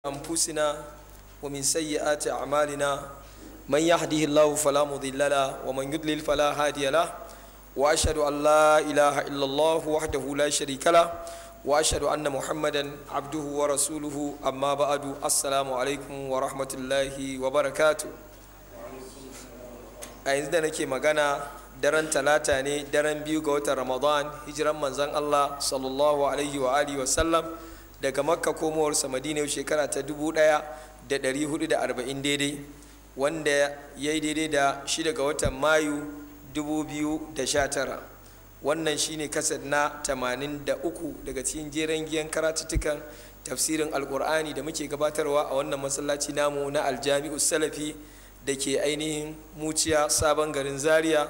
أنفسنا ومن سيئات أعمالنا من يهده الله فلا مضل له ومن يضلل فلا هادي له وأشهد أن لا إله إلا الله وحده لا شريك له وأشهد أن محمدا عبده ورسوله أما بعد السلام عليكم ورحمة الله وبركاته a yanzu da nake magana daren talata ne daren biyu ga watan ramadan hijiran manzon allah sallallahu alaihi wa alihi wa sallam daga makka komowarsa madina shekara ta 1440 daidai wanda ya yi daidai da shi daga watan mayu 2019 wannan shine kasad na 83 daga cikin jeren giyan karatuttukan tafsirin alkur'ani da muke gabatarwa a wannan masallaci namu na aljami'u salafi da ke ainihin muciya sabon garin zaria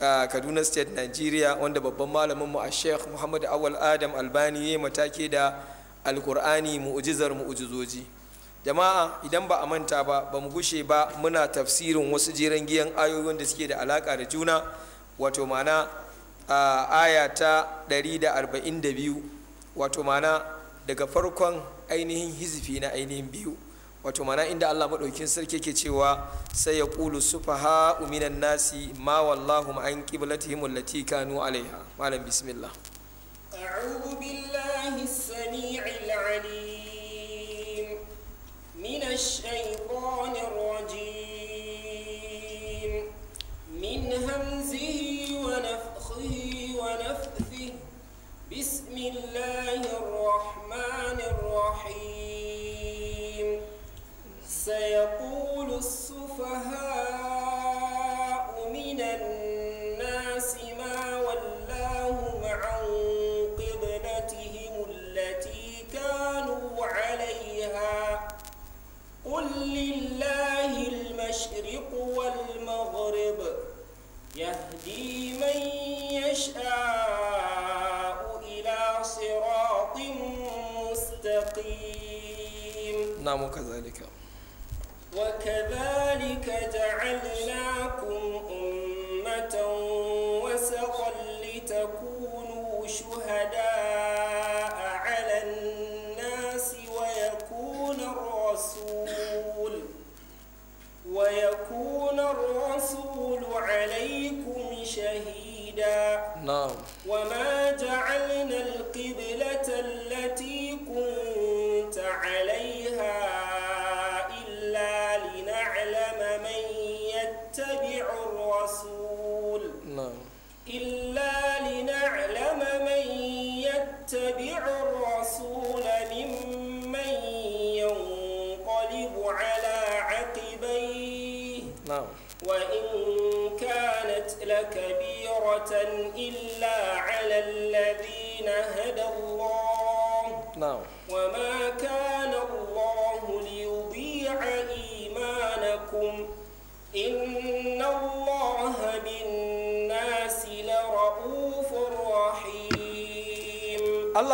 a kaduna state nigeria wanda babban malaminmu a sheikh muhammad awal adam albani ya matake da alkur'ani mu'ujizar mu'ujizoji jama'a idan ba a manta ba ba mu gushe ba muna tafsirin wasu jiran giyan ayoyin da suke da alaka da juna wato mana a aya ta 142 wato mana daga farkon ainihin hizifi na ainihin biyu wato mana inda Allah maɗaukin sarki ke cewa sai ya ƙulu sufaha uminan nasi ma wallahu an qiblatihim allati kanu alaiha malam bismillah أعوذ بالله السميع العليم من الشيطان الرجيم من همزه ونفخه ونفثه بسم الله الرحمن الرحيم سيقول وأنا كذلك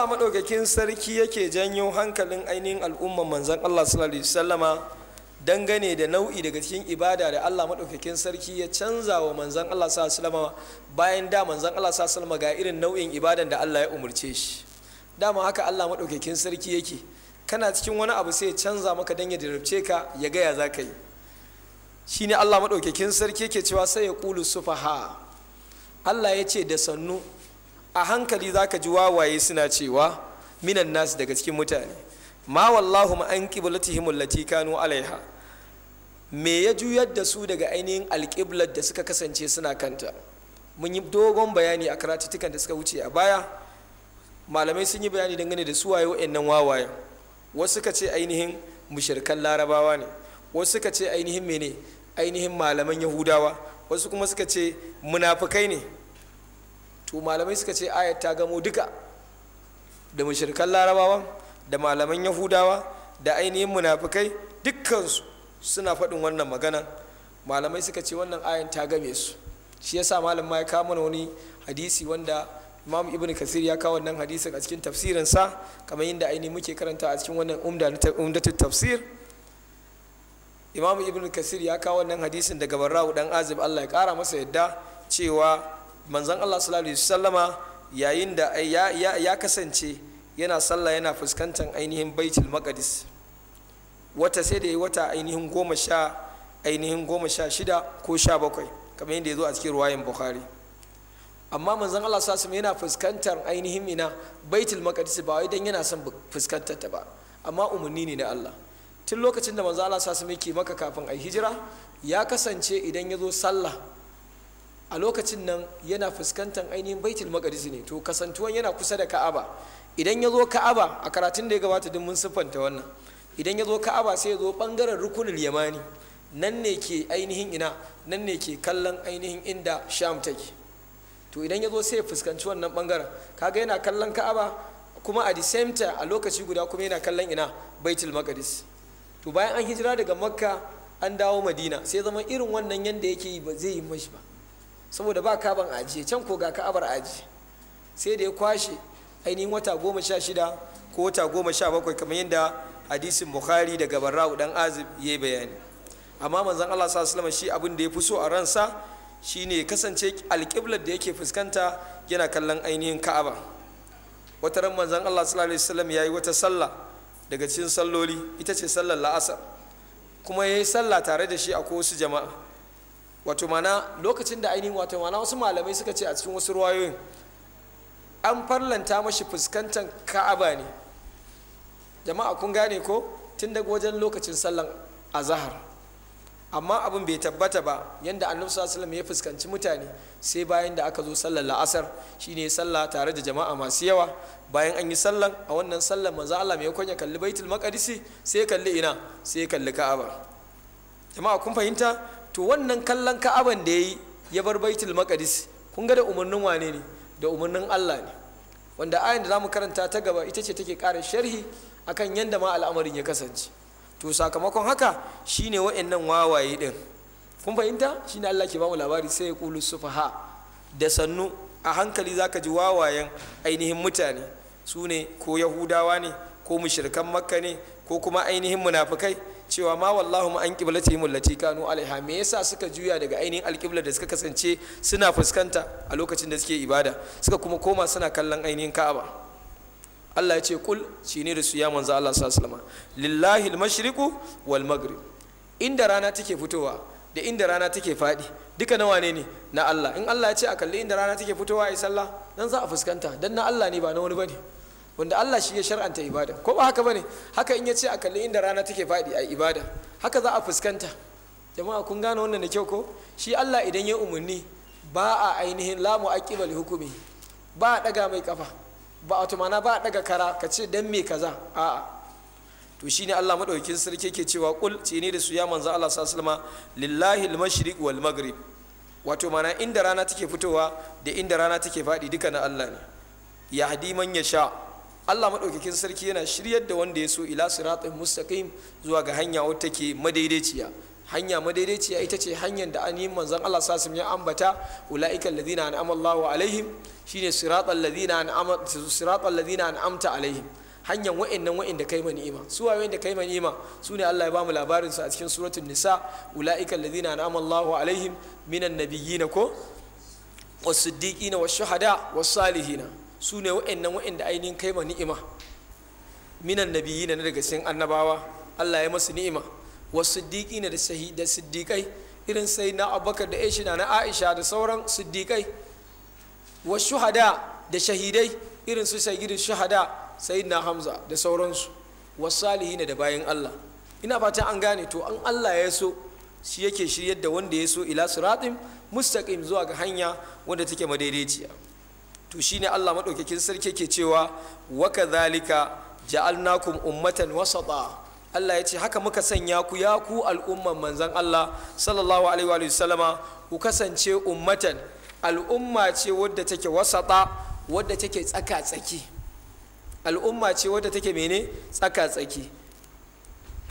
Allah maɗaukakin sarki yake janyo hankalin ainihin al'umman manzan Allah sallallahu alaihi wasallama dangane da nau'i daga cikin ibada da Allah maɗaukakin sarki ya canza wa manzan Allah sallallahu alaihi wasallama bayan da manzan Allah sallallahu alaihi wasallama ga irin nau'in ibadan da Allah ya umurce shi dama haka Allah maɗaukakin sarki yake kana cikin wani abu sai ya canza maka dan ya dirce ka ya gaya za ka yi shine Allah maɗaukakin sarki yake cewa sai ya qulu sufaha Allah ya ce da sannu a hankali za ka ji wawaye suna cewa minan nasu daga cikin mutane ma wallahu ma an qiblatihim kanu alaiha me ya juyar da su daga ainihin alƙiblar da suka kasance suna kanta mun yi dogon bayani a karatuttukan da suka wuce a baya malamai sun yi bayani dangane da suwaye wa'annan wawaye wasu suka ce ainihin mushirkan larabawa ne wasu suka ce ainihin mene ainihin malaman yahudawa wasu kuma suka ce munafukai ne to malamai suka ce ayat ta gamo duka da mushrikan larabawa da malaman yahudawa da ainihin munafukai dukkansu suna faɗin wannan magana malamai suka ce wannan ayan ta game su shi yasa malam ma ya kama wani hadisi wanda imam ibn kasir ya kawo wannan hadisi a cikin tafsirinsa kamar yadda aini muke karanta a cikin wannan umdatul tafsir imam ibn kasir ya kawo wannan hadisin daga barra'u dan azib allah ya kara masa yadda cewa manzan Allah sallallahu alaihi wasallama yayin da ya kasance yana sallah yana fuskantar ainihin baitul maqdis wata sai da ya wata ainihin goma sha ainihin goma sha shida ko sha bakwai kamar yadda ya zo a cikin ruwayin bukhari amma manzan Allah sallallahu alaihi yana fuskantar ainihin ina baitul maqdis ba wai dan yana son fuskantar ta ba amma umarni ne na Allah tun lokacin da manzan Allah sallallahu alaihi yake maka kafin ai hijira ya kasance idan ya zo sallah a lokacin nan yana fuskantar ainihin baitul maqdis ne to kasantuwan yana kusa da ka'aba idan ya zo ka'aba a karatun da ya gabata duk mun siffanta wannan idan ya zo ka'aba sai ya zo bangaren rukunin yamani nan ne ke ainihin ina nan ne ke kallon ainihin inda sham take to idan ya zo sai ya fuskanci wannan bangaren kaga yana kallon ka'aba kuma a disemta a lokaci guda kuma yana kallon ina baitul maqdis to bayan an hijira daga makka an dawo madina sai zama irin wannan yanda yake yi ba zai yi mashi ba saboda ba kaban ajiye can ko ga ka'abar ajiye sai da ya kwashe ainihin wata goma sha shida ko wata goma sha bakwai kamar yadda hadisin bukhari daga barra'u dan azib ya bayani amma manzon allah sa salama shi abin da ya fi so a ransa shine ya kasance alƙiblar da yake fuskanta yana kallon ainihin ka'aba wata ran manzon allah sa salam ya yi wata sallah daga cikin salloli ita ce sallar la'asar kuma ya yi sallah tare da shi a wasu jama'a wato mana lokacin da ainihin wato mana wasu malamai suka ce a cikin wasu ruwayoyin an farlanta mashi fuskantar ka'aba ne jama'a kun gane ko tun daga wajen lokacin sallan azahar amma abin bai tabbata ba yadda annabi sallallahu ya fuskanci mutane sai bayan da aka zo sallar la'asar shine sallah tare da jama'a masu yawa bayan an yi sallan a wannan sallar manzo Allah mai kwanya kalli baitul maqdisi sai kalli ina sai kalli ka'aba jama'a kun fahimta to wannan kallon ka'aban da ya yi ya bar baitul maqdis kun ga da umarnin wane ne da umarnin Allah ne wanda ayin da zamu karanta ta gaba ita ce take ƙara sharhi akan yanda ma al'amarin ya kasance to sakamakon haka shine wa'annan wawaye din kun fahimta shine Allah ke bamu labari sai ya kulu sufaha da sannu a hankali zaka ji wawayen ainihin mutane su ne ko yahudawa ne ko mushrikan makka ne ko kuma ainihin munafukai. cewa ma wallahu ma an qiblati allati kanu alaiha me yasa suka juya daga ainihin alkibla da suka kasance suna fuskanta a lokacin da suke ibada suka kuma koma suna kallon ainihin ka'aba Allah ya ce kul shine da su ya manzo Allah sallallahu alaihi lillahi al-mashriqu wal maghrib inda rana take fitowa da inda rana take fadi duka nawa ne ne na Allah in Allah ya ce a kalli inda rana take fitowa ai sallah dan za a fuskanta dan na Allah ne ba na wani bane wanda Allah shi ya shar'anta ibada ko ba haka bane haka in ya ce a kalli inda rana take fadi a ibada haka za a fuskanta jama'a kun gane wannan da kyau ko shi Allah idan ya umarni ba a ainihin lamu aqiba hukumi ba a daga mai kafa ba a tumana ba a daga kara ka ce dan me kaza a'a to shine Allah madaukin sarki ke cewa kul ce ne da su ya manzo Allah sallallahu alaihi lillahi al-mashriq wal maghrib wato mana inda rana take fitowa da inda rana take fadi duka na Allah ne yahdi man yasha Allah maɗaukakin sarki yana shiryar da wanda ya so ila siratun mustaqim zuwa ga hanya wadda take madaidaiciya hanya madaidaiciya ita ce hanyar da an yi manzon Allah sa ya ambata wulaikan Ladina an'ama Allahu alaihim shine siratal ladina an'ama siratal ladina an'amta alaihim hanyar wa'annan wa'anda kai ma ni'ima su wa wa'anda kai ma ni'ima su ne Allah ya bamu labarin su a cikin suratul nisa ulaika Ladina an'ama Allahu alaihim minan nabiyyin ko was-siddiqina wash-shuhada was-salihina su ne wa'annan wa'anda ainihin kai ma ni'ima minan nabiyyi na daga cikin annabawa Allah ya masu ni'ima wasu siddiqi na da da siddiƙai irin sai na abubakar da aisha na aisha da sauran siddiƙai wasu shuhada da shahidai irin su shagirin shuhada sai na hamza da sauransu wasu salihi da bayan Allah ina fatan an gane to an Allah ya so shi yake shiryar da wanda ya so ila siratin mustaqim zuwa ga hanya wanda take madaidaiciya to shine Allah madaukakin sarki ke cewa wa kadhalika ja'alnakum ummatan wasata Allah ya ce haka muka sanya ku ya ku al'umman manzan Allah sallallahu alaihi wa sallama ku kasance ummatan al'umma ce wadda take wasata wadda take tsaka-tsaki al'umma ce wadda take mene tsaka-tsaki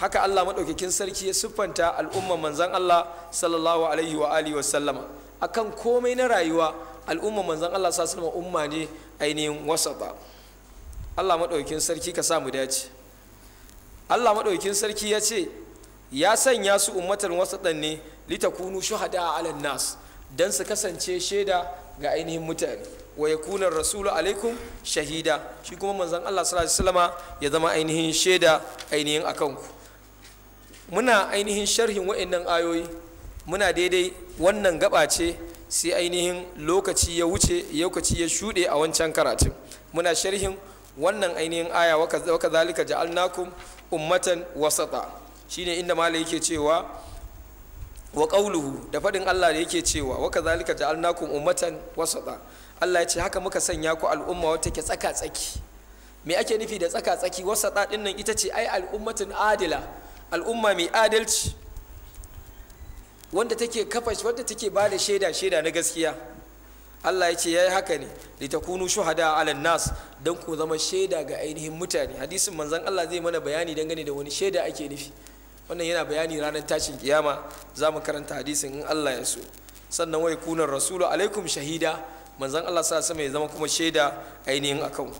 haka Allah maɗaukakin sarki ya siffanta al'umman manzan Allah sallallahu alaihi wa alihi wa sallama akan komai na rayuwa al'umma manzan Allah sa alaihi umma ne ainihin ba. Allah maɗaukin sarki ka sa dace Allah maɗaukin sarki ya ce ya sanya su ummatan wasatan ne litakunu a alan nas don su kasance shaida ga ainihin mutane wa kuna rasulu alaikum shahida shi kuma manzan Allah sallallahu alaihi ya zama ainihin shaida ainihin akan ku muna ainihin sharhin wa'annan ayoyi muna daidai wannan gaba ce sai ainihin lokaci ya wuce lokaci ya shuɗe a wancan karatun muna sharhin wannan ainihin aya wa kadhalika ja'alnakum ummatan wasata shine inda malai yake cewa wa qawluhu da fadin Allah da yake cewa wa kadhalika ja'alnakum ummatan wasata Allah ya ce haka muka sanya ku al'umma wata ke tsaka tsaki me ake nufi da tsaka tsaki wasata din nan ita ce ai al'ummatin adila al'umma mai adalci wanda take kafa wanda take ba da shaida shaida na gaskiya Allah ya ce yayi haka ne litakunu shuhada ala nas dan ku zama shaida ga ainihin mutane hadisin manzan Allah zai mana bayani dangane da wani shaida ake nufi wannan yana bayani ranar tashin kiyama za mu karanta hadisin in Allah ya so sannan wai kunan rasulu alaikum shahida manzon Allah sa sama ya zama kuma shaida ainihin akan ku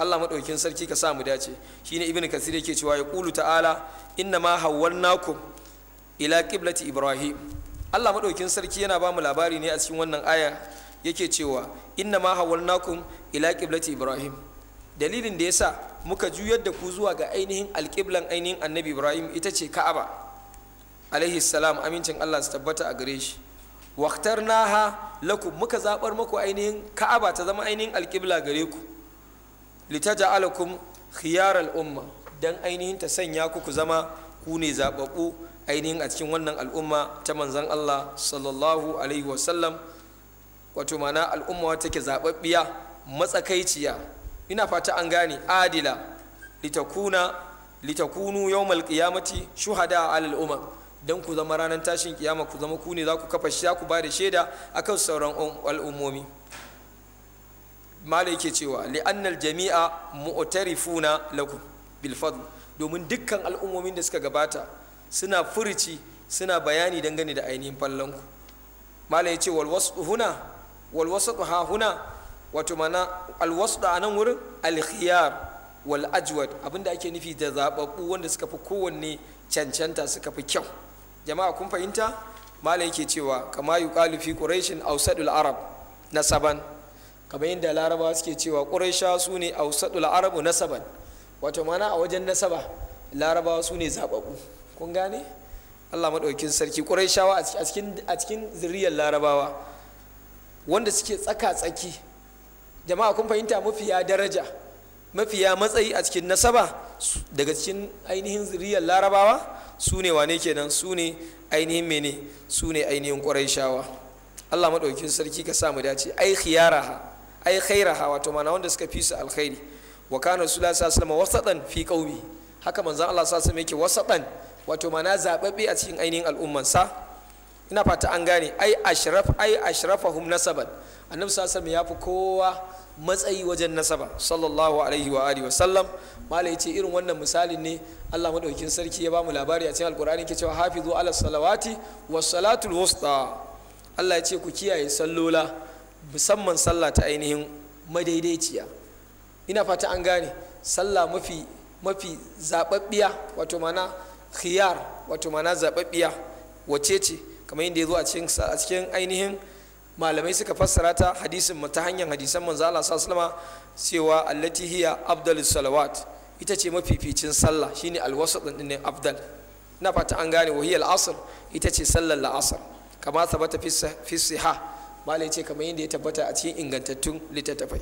Allah madaukin sarki ka sa mu dace shi ne ibnu kasir yake cewa ya qulu ta'ala inna ma hawwalnakum ila kiblati ibrahim Allah madaukin sarki yana ba mu labari ne a cikin wannan aya yake cewa inna ma hawalnakum ila kiblati ibrahim dalilin da yasa muka juyar da ku zuwa ga ainihin alqiblan ainihin annabi ibrahim ita ce ka'aba alaihi salam amincin Allah su tabbata a gare shi naha lakum muka zabar muku ainihin ka'aba ta zama ainihin alqibla gare ku litaja'alakum khiyaral umma dan ainihin ta sanya ku ku zama ku ne zababbu ainihin a cikin wannan al'umma ta manzan Allah sallallahu alaihi wasallam wato mana al'umma wata ke zaɓaɓɓiya matsakaiciya ina fata an gane adila litakuna litakunu yawmal qiyamati shuhada a al'umma don ku zama ranar tashin kiyama ku zama ku ne za ku kafa shi za ku ba da shaida akan sauran um, al'ummomi malai ke cewa li'annal jami'a mu'tarifuna lakum bil fadl domin dukkan al'ummomin da suka gabata suna furici suna bayani dangane da ainihin fallonku malam ya ce walwasu ha huna wato mana alwasu a nan wurin alkhiyar wal ajwad abinda ake nufi da zababbu wanda suka fi kowanne cancanta suka fi kyau jama'a kun fahimta malam yake cewa kama yuqalu fi quraishin awsadul arab nasaban kamar yadda larabawa suke cewa quraisha su ne awsadul arab nasaban wato mana a wajen nasaba larabawa su ne zababbu kun gane Allah maɗaukin sarki ƙurayshawa a cikin zuriyar larabawa wanda suke tsaka-tsaki jama'a kun fahimta mafiya daraja mafiya matsayi a cikin nasaba daga cikin ainihin zuriyar larabawa su ne wane kenan su ne ainihin mene su ne ainihin ƙurayshawa Allah maɗaukin sarki ka samu dace ai ha ai ha wato mana wanda suka fi su alkhairi wa kana sulasa sallama wasatan fi qaumi haka manzon Allah sallallahu alaihi wasallam yake wasatan wato mana zaɓaɓɓe a cikin ainihin al'ummansa ina fata an gane ai ashraf ai ashrafahum nasaban annabi sallallahu alaihi ya fi kowa matsayi wajen nasaba sallallahu alaihi wa alihi wa sallam malai ce irin wannan misalin ne Allah madaukakin sarki ya bamu labari a cikin alkur'ani ke cewa hafizu ala salawati was salatul Allah ya ce ku kiyaye sallola musamman sallah ta ainihin madaidaiciya ina fata an gane sallah mafi mafi zababbiya wato mana khiyar wato mana zaɓaɓɓiya wace ce kamar yadda ya zo a cikin ainihin malamai suka fassara ta hadisin ta hanyar hadisan manzo Allah sallallahu cewa allati hiya afdalus salawat ita ce mafificin sallah shine alwasat din ne afdal na fata an gane wa hiya asr ita ce sallar la'asar kama sabata fi siha malai ce kamar yadda ya tabbata a cikin ingantattun littattafai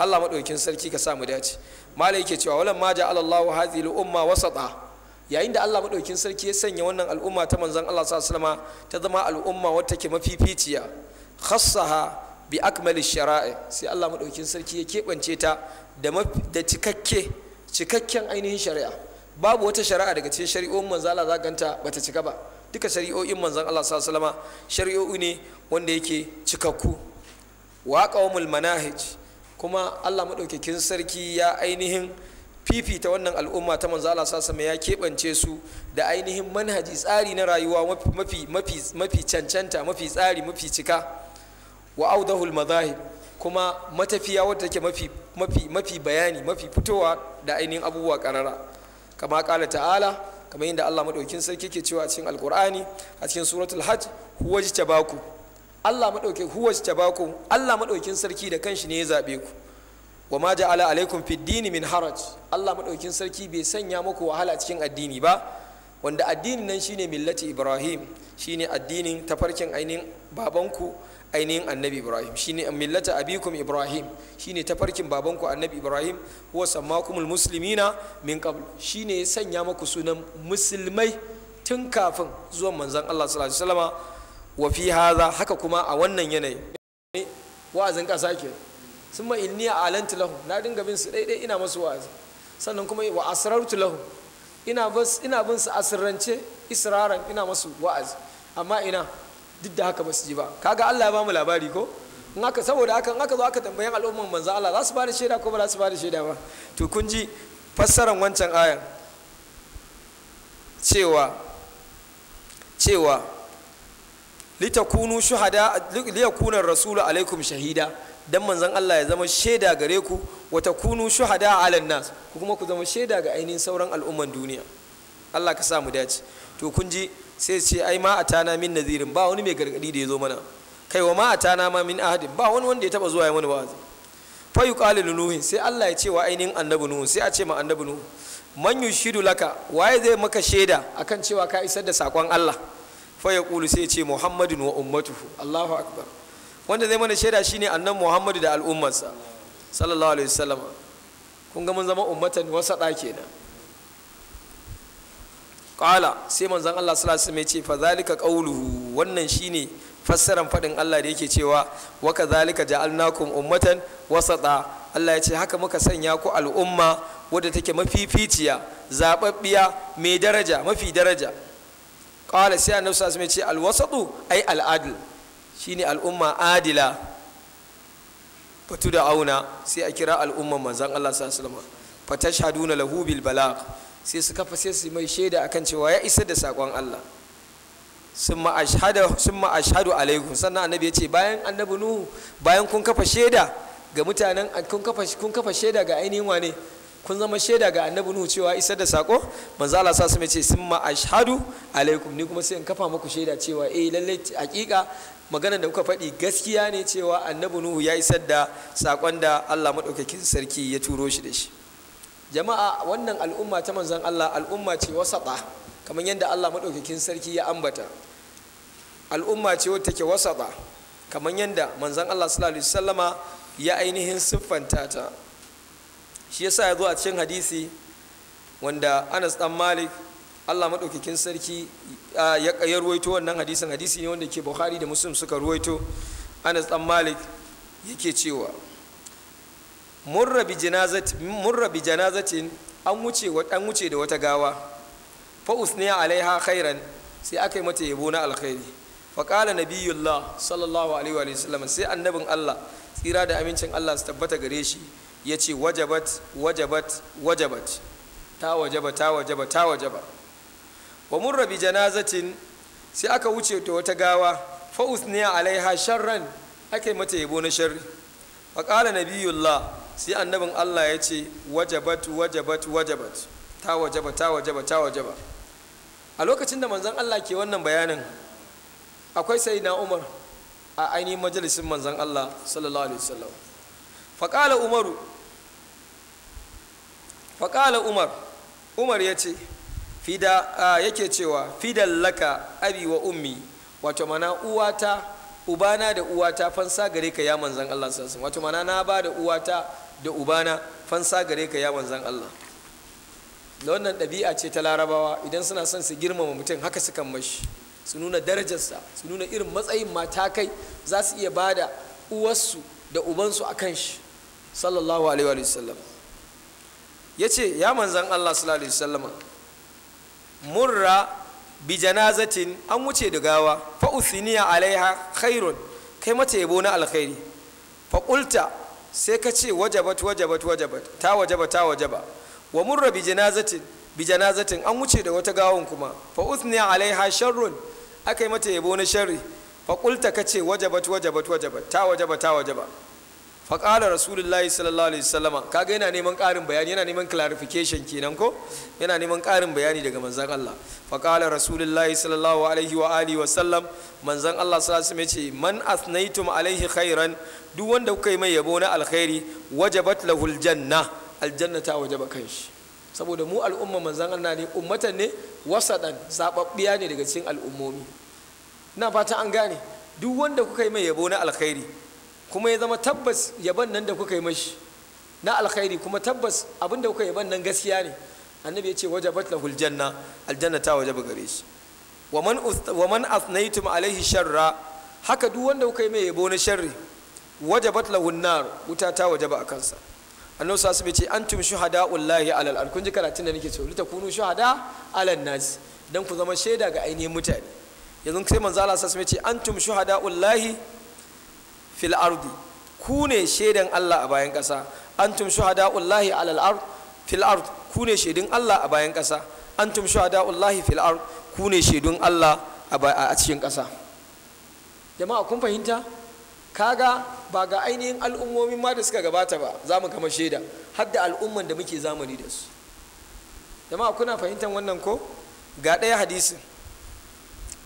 Allah madaukin sarki ka sa mu dace malai yake cewa walamma ja'alallahu Allahu hadhihi al-umma wasata yayin da Allah maɗaukin sarki ya sanya wannan al'umma ta manzon Allah sallallahu ta zama al'umma wata ke mafificiya khassaha bi akmali shara'i sai Allah maɗaukin sarki ya keɓance ta da cikakke cikakken ainihin shari'a babu wata shari'a daga cikin shari'o'in manzon Allah zaganta bata cika ba duka shari'o'in manzon Allah sallallahu shari'o'i ne wanda yake cikakku wa qawmul manahij kuma Allah maɗaukakin sarki ya ainihin fifita wannan al'umma ta manzo Allah mai ya kebance su da ainihin manhaji tsari na rayuwa mafi mafi mafi cancanta mafi tsari mafi cika wa audahul madahib kuma matafiya wadda take mafi mafi mafi bayani mafi fitowa da ainihin abubuwa karara kama kala ta'ala kamar yadda Allah madaukin sarki yake cewa a cikin alqur'ani a cikin suratul hajj huwajtabaku Allah madaukin huwajtabaku Allah madaukin sarki da kanshi ne ya zabe ku wa ma ja'ala alaikum fid dini min haraj Allah madaukin sarki bai sanya muku wahala cikin addini ba wanda addinin nan shine millati Ibrahim shine addinin tafarkin ainihin babanku ainihin annabi Ibrahim shine millata abikum Ibrahim shine tafarkin babanku annabi Ibrahim huwa sammakumul muslimina min qabl shine ya sanya muku sunan musulmai tun kafin zuwan manzon Allah sallallahu alaihi wasallama wa fi hadha haka kuma a wannan yanayi wa'azin kasa kenan sun ma inni a alantu lahu na dinga bin su daidai ina masu wa'azi sannan kuma wa asrartu lahu ina bin su asirrance israran ina masu wa'azi amma ina duk da haka ba su ji ba kaga Allah ya ba mu labari ko in haka saboda haka in haka zo aka tambayan al'umman manzo Allah za su ba da shaida ko ba za su ba da shaida ba to kun ji fassaran wancan ayan cewa cewa litakunu shuhada liyakunar rasulu alaikum shahida dan manzon Allah ya zama shaida gare ku wa kunu shuhada ala nas ku kuma ku zama shaida ga ainihin sauran al'umman duniya Allah ka sa mu dace to kun ji sai ce ai ma atana min nazirin ba wani mai gargadi da ya zo mana kai wa ma atana ma min ahadin ba wani wanda ya taba zuwa ya mana wa'azi fa yuqalu nuhin sai Allah ya ce wa ainihin annabi nuhu sai a ce ma annabi nuhu man yushidu laka waye zai maka shaida akan cewa ka isar da sakon Allah fa yaqulu sai ya ce muhammadun wa ummatuhu Allahu akbar wanda zai mana shaida shine annan muhammadu da al'ummarsa sallallahu alaihi wasallam kun ga mun zama ummatan wasaɗa kenan qala sai manzon Allah sallallahu alaihi ya ce fa zalika qawluhu wannan shine fassaran faɗin Allah da yake cewa wa kadhalika ja'alnakum ummatan wasata Allah ya ce haka muka sanya ku al'umma wadda take mafificiya zababbiya mai daraja mafi daraja qala sai annabi sallallahu alaihi wasallam ya ce alwasatu ai ay shine al'umma adila fatu da auna sai a kira al'umman manzan Allah sallallahu alaihi shaduna lahu bil balagh sai su kafa sai su mai shaida akan cewa ya isa da sakon Allah sun ma'ashhadu alaikum sannan annabi ya ce bayan annabi nuhu bayan kun kafa shaida ga mutanen kun kafa shaida ga ainihin wane kun zama shaida ga annabi nuhu cewa isa da sako manzo Allah sa su ce sun ma ashhadu alaikum ni kuma sai in kafa muku shaida cewa eh lalle hakika maganar da kuka faɗi gaskiya ne cewa annabi nuhu ya isar da saƙon da allah maɗaukakin sarki ya turo shi da shi jama'a wannan al'umma ta manzan allah al'umma ce wasaɗa kamar yadda allah maɗaukakin sarki ya ambata al'umma ce wata take wasaɗa kamar yadda manzan allah sallallahu alaihi ya ainihin siffanta ta shi yasa ya zo a cikin hadisi wanda anas dan malik allah maɗaukakin sarki ya ruwaito wannan hadisin hadisi ne wanda ke bukhari da muslim suka ruwaito anas dan malik yake cewa murra bi janazatin an wuce an wuce da wata gawa fa usniya alaiha khairan sai aka yi mata yabo na alkhairi fa qala nabiyullah sallallahu alaihi wa sallam sai annabin Allah tsira da amincin Allah su tabbata gare shi yace wajabat wajabat wajabat ta wajaba ta wajaba ta wajaba wa murra bi janazatin sai aka wuce ta wata gawa fa usniya alaiha sharran aka yi mata yabo na sharri fa qala nabiyullah sai annabin Allah ya ce wajabat wajabat wajabat ta wajaba ta wajaba ta wajaba a lokacin da manzon Allah ke wannan bayanin akwai sai na Umar a ainihin majalisin manzon Allah sallallahu alaihi wasallam fa qala Umaru fa qala Umar Umar ya ce fida yake cewa fidan laka abi wa ummi wato mana uwata ubana da uwata fansa gare ka ya manzan Allah sallallahu wato mana na ba da uwata da ubana fansa gare ka ya manzan Allah da wannan ɗabi'a ce ta larabawa idan suna son su girmama mutum haka sukan mashi su nuna darajarsa su nuna irin matsayin matakai za su iya bada uwarsu da ubansu a kan shi sallallahu alaihi wa sallam ya ce ya manzan Allah sallallahu alaihi wa murra bi janazatin an wuce da gawa fa usiniya alaiha khairun kai mata yabo na alkhairi fa qulta sai ka ce wajabat wajabat wajabat ta wajaba ta wajaba wa murra bi janazatin bi janazatin an wuce da wata gawon kuma fa usniya alaiha sharrun akai mata yabo na sharri fa qulta ka ce wajabat wajabat wajabat ta wajaba ta wajaba faƙala rasulullahi sallallahu alaihi wasallam kaga yana neman ƙarin bayani yana neman clarification kenan ko yana neman ƙarin bayani daga manzon Allah faƙala rasulullahi sallallahu alaihi wa alihi wasallam manzan Allah sallallahu alaihi ce man asnaytum alaihi khairan duk wanda kuka yi mai yabo na alkhairi wajabat lahul janna aljanna ta wajaba kanshi saboda mu al'umma manzan Allah ne ummatan ne wasadan zababbiya ne daga cikin al'ummomi ina fata an gane duk wanda kuka yi mai yabo na alkhairi kuma ya zama tabbas yaban nan da kuka yi mashi na alkhairi kuma tabbas abin da kuka yaban nan gaskiya ne annabi ya ce waje lahul janna aljanna ta waje gare shi wa man asnaitum alaihi sharra haka duk wanda kuka yi mai yabo na sharri Waje batla nar wuta ta waje ba a kansa annabi sa ce antum shuhada'ullahi alal al. kun ji karatun da nake cewa litakunu shuhada alal nas dan ku zama shaida ga ainihin mutane yanzu sai manzo Allah sa ce antum shuhada'ullahi fil ardi ku ne shaidan Allah a bayan ƙasa antum shuhada'ullahi alal ard fil ard ku ne shaidun Allah a bayan ƙasa antum shuhada'ullahi fil ard ku ne shaidun Allah a cikin ƙasa jama'a kun fahimta kaga ba ga ainihin al'ummomi ma da suka gabata ba za mu kama shaida har da al'umman da muke zamani da su jama'a kuna fahimtar wannan ko ga ɗaya hadisi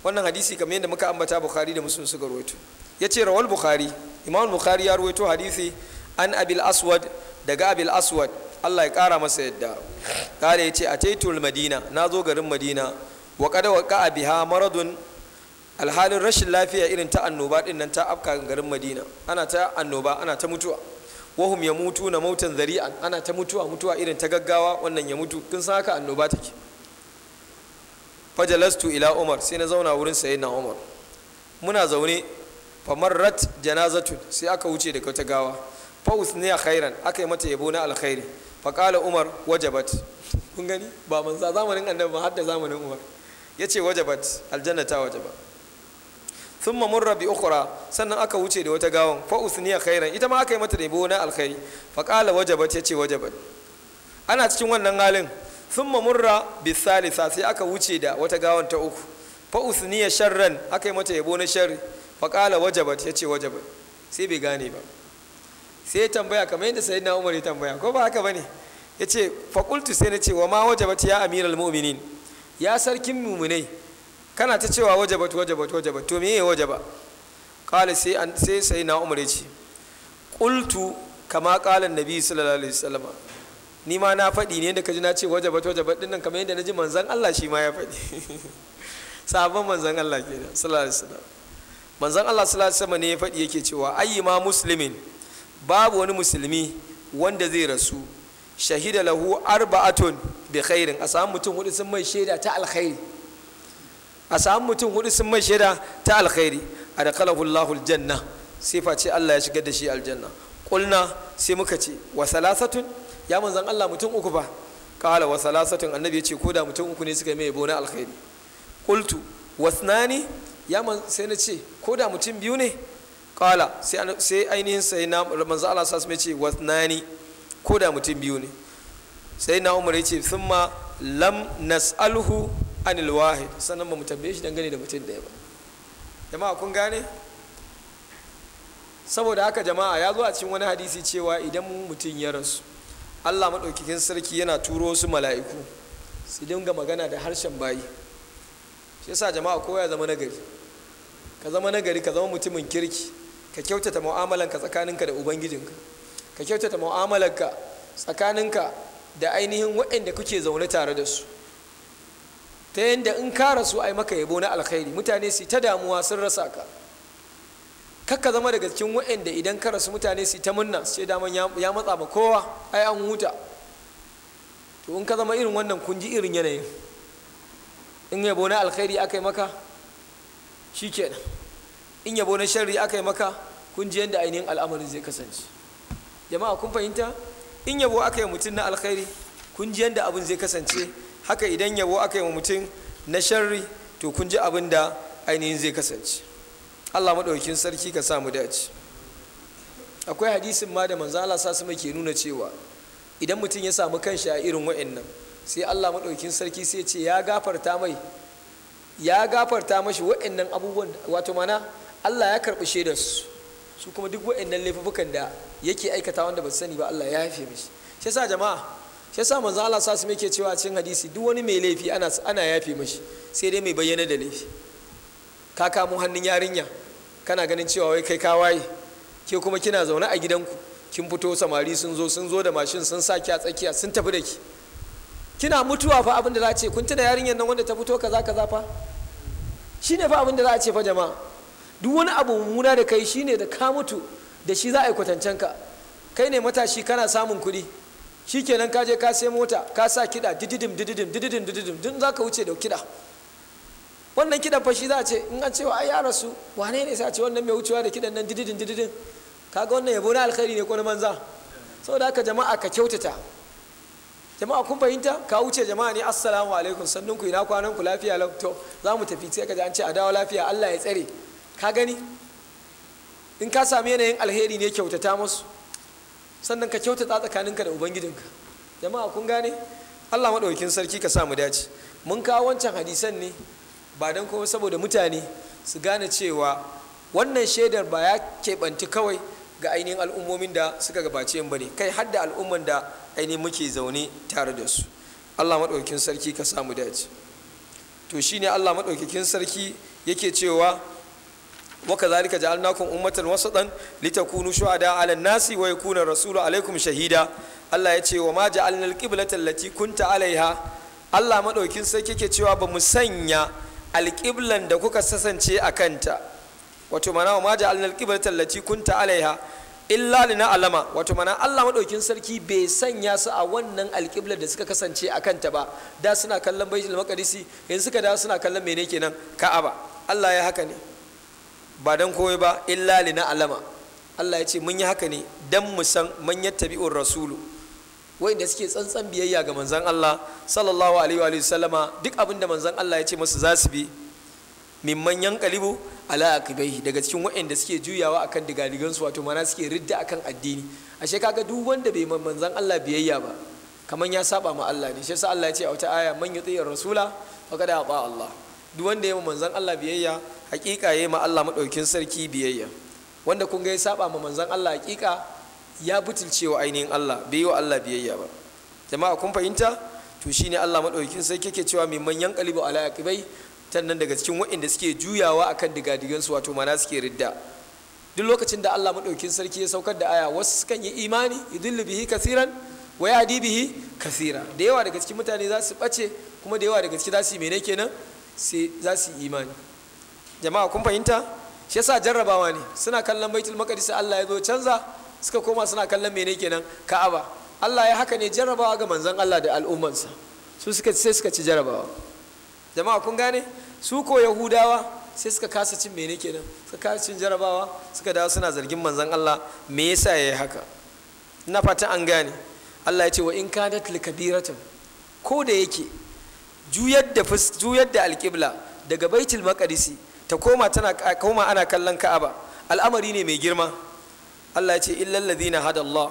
wannan hadisi kamar yadda muka ambata bukhari da muslim suka rawaito ya ce rawal bukhari imam bukhari ya ruwaito hadisi an abil aswad daga abil aswad allah ya kara masa yadda kare ya ce a taitul madina na zo garin madina wa kada wa ka biha maradun alhalin rashin lafiya irin ta annoba din nan ta afka garin madina ana ta annoba ana ta mutuwa wahum ya mutu na mautan zari'a ana ta mutuwa mutuwa irin ta gaggawa wannan ya mutu kun san haka annoba take fajalastu ila umar sai na zauna wurin na umar muna zaune famarrat janazatun sai aka wuce daga wata gawa faus ne a khairan aka yi mata yabo na alkhairi faƙala umar wajabat kun gani ba sa zamanin annabi har da zamanin umar ya ce wajabat aljannata ta wajaba thumma murra bi ukura sannan aka wuce da wata gawan faus ne a khairan ita ma aka yi mata yabo na alkhairi faƙala wajabat ya ce wajabat ana cikin wannan halin thumma murra bi salisa sai aka wuce da wata gawan ta uku fa usniya sharran aka yi mata yabo na sharri faƙala wajabat ya ce wajabat sai bai gane ba sai tambaya kamar yadda sai na umar ya tambaya ko ba haka ba ne ya ce faƙultu sai na ce wa ma wajabat ya amir al-mu'minin ya sarkin muminai kana ta cewa wajabat wajabat wajabat to meye wajaba kala sai sai na umar ya ce kultu kama ƙala nabi sallallahu alaihi wasallam ni ma na faɗi ne da kaji na ce wajabat wajabat ɗin nan kamar yadda na ji Allah shi ma ya faɗi sabon manzon Allah kenan sallallahu alaihi wasallam manzon Allah sallallahu alaihi wasallam ne ya faɗi yake cewa ayyima muslimin babu wani musulmi wanda zai rasu shahida lahu arba'atun bi khairin a samu mutum hudu sun mai shaida ta alkhairi a samu mutum hudu sun mai shaida ta alkhairi adakalahu Allahul janna sifa ce Allah ya shigar da shi aljanna kulna sai muka ce wa salasatun ya manzan Allah mutum uku ba kala wa salasatun annabi ya ce ko da mutum uku ne suka mai yabo na alkhairi qultu wasnani ya sai na ce ko da mutum biyu ne kala sai ainihin sai na manzo Allah sa mai ce wasnani ko da mutum biyu ne sai na umar ya ce thumma lam nas'alhu anil wahid sannan ba mu tambaye shi dangane da mutum daya ba jama'a kun gane saboda haka jama'a ya zo a cikin wani hadisi cewa idan mutum ya rasu Allah maɗaukakin sarki yana turo su mala'iku su dinga magana da harshen bayi shi yasa jama'a ko ya zama nagari ka zama nagari ka zama mutumin kirki ka kyautata mu'amalanka tsakaninka da ubangijinka ka kyautata mu'amalanka tsakaninka da ainihin waɗanda kuke zaune tare da su ta yadda in ka rasu ai maka yabo na alkhairi mutane su ta damuwa sun rasa ka kakka zama daga cikin waɗanda idan ka rasu mutane su ta munna su ce daman ya matsa ma kowa ai an huta to in ka zama irin wannan kun ji irin yanayin in yabo na alkhairi aka yi maka shi kenan in yabo na sharri aka yi maka kun ji yadda ainihin al'amarin zai kasance jama'a kun fahimta in yabo aka yi mutum na alkhairi kun ji yadda abin zai kasance haka idan yabo aka yi mutum na sharri to kun ji abin da ainihin zai kasance allah maɗaukin sarki ka samu dace akwai hadisin ma da manzo Allah sa su ke nuna cewa idan mutum ya samu kanshi a irin wa'annan sai Allah maɗaukin sarki sai ce ya gafarta mai ya gafarta mashi wa'annan abubuwan wato mana Allah ya karɓi shaidar su su kuma duk wa'annan laifukan da yake aikata wanda ba su sani ba Allah ya haife mashi shi yasa jama'a shi yasa manzo Allah sa su yake cewa cikin hadisi duk wani mai laifi ana ana yafe mashi sai dai mai bayyana da laifi ka kamo hannun yarinya kana ganin cewa wai kai ka waye ke kuma kina zaune a gidanku kin fito samari sun zo sun zo da mashin sun sa ki a tsakiya sun tafi da ki kina mutuwa fa abin da za a ce kun tuna yarinyar nan wanda ta fito kaza kaza fa ne fa abin da za a ce fa jama'a duk wani abu mummuna da kai ne da ka mutu da shi za a yi kwatancen ka kai ne matashi kana samun kuɗi shi kenan ka je ka sai mota ka sa kiɗa dididim dididim dididim dididim duk za ka wuce da kiɗa wannan kiɗan fa shi za a ce in an cewa ai ya rasu wane ne sai a ce wannan mai wucewa da kiɗan nan dididim dididim kaga wannan yabo na alkhairi ne ko na manza saboda haka jama'a ka kyautata jama'a kun fahimta ka wuce jama'a ne assalamu alaikum sannun ku ina kwanan ku lafiya lau za mu tafi sai ka ji an ce a dawo lafiya Allah ya tsare ka gani in ka sami yanayin alheri ne kyautata musu sannan ka kyautata tsakaninka da ubangijinka jama'a kun gane Allah maɗaukin sarki ka sa mu dace mun kawo wancan hadisan ne ba don kuma saboda mutane su gane cewa wannan shaidar ba ya keɓanci kawai ga ainihin al'ummomin da suka gabace yin bane kai hadda al'umman da aini muke zaune tare da su allah maɗaukakin sarki ka samu dace to shine allah maɗaukakin sarki yake cewa waka zalika ja'alnakum ummatan wasatan litakunu shuhada 'ala an-nasi wa yakuna rasulu 'alaykum shahida allah yace wa ma ja'alna al-qiblata allati kunta 'alayha allah maɗaukakin sarki yake cewa ba mu sanya alƙiblan da kuka sasance a kanta wato ma'ana wa ma ja'alna al-qiblata allati kunta 'alayha illa na alama wato mana Allah madaukin sarki bai sanya su a wannan alƙiblar da suka kasance a kanta ba da suna kallon baitul maqdisi in suka da suna kallon mene kenan ka'aba Allah ya haka ne ba dan koyi ba illa na alama Allah ya ce mun yi haka ne dan mu san man yattabi'ur rasulu wanda suke tsantsan biyayya ga manzon Allah sallallahu alaihi wa sallama duk abinda da manzon Allah ya ce musu za su bi manyan yanqalibu ala aqibaihi daga cikin waɗanda suke juyawa akan digadigan su wato mana suke ridda akan addini ashe kaga duk wanda bai man manzan Allah biyayya ba kaman ya saba ma Allah ne shi yasa Allah ya ce a wata aya man yuti rasula faqad ata Allah duk wanda ya manzan Allah biyayya hakika yi ma Allah madaukin sarki biyayya wanda kun ga ya saba ma manzan Allah hakika ya butulce wa ainihin Allah bai wa Allah biyayya ba jama'a kun fahimta to shine Allah madaukin sarki yake cewa mai manyan yanqalibu ala aqibai tannan daga cikin waɗanda suke juyawa a akan digadigansu wato mana suke ridda duk lokacin da Allah maɗaukin sarki ya saukar da aya wasu sukan yi imani yudillu bihi kasiran wa yahdi bihi kasira da yawa daga cikin mutane za su ɓace kuma da yawa daga ciki za su yi mene kenan sai za su yi imani jama'a kun fahimta shi yasa jarrabawa ne suna kallon baitul maqdis Allah ya zo canza suka koma suna kallon mene kenan ka'aba Allah ya haka ne jarrabawa ga manzon Allah da al'ummansa su suka sai suka ci jarrabawa jama'a kun gane su ko yahudawa sai suka kasa cin mene kenan suka kasa cin jarabawa suka dawo suna zargin manzon Allah me yasa yayi haka ina fata an gane Allah ya ce wa in kanat likabiratun ko da yake juyar da juyar da alqibla daga baitul maqdisi ta koma tana koma ana kallon ka'aba al'amari ne mai girma Allah ya ce illal ladina hadallah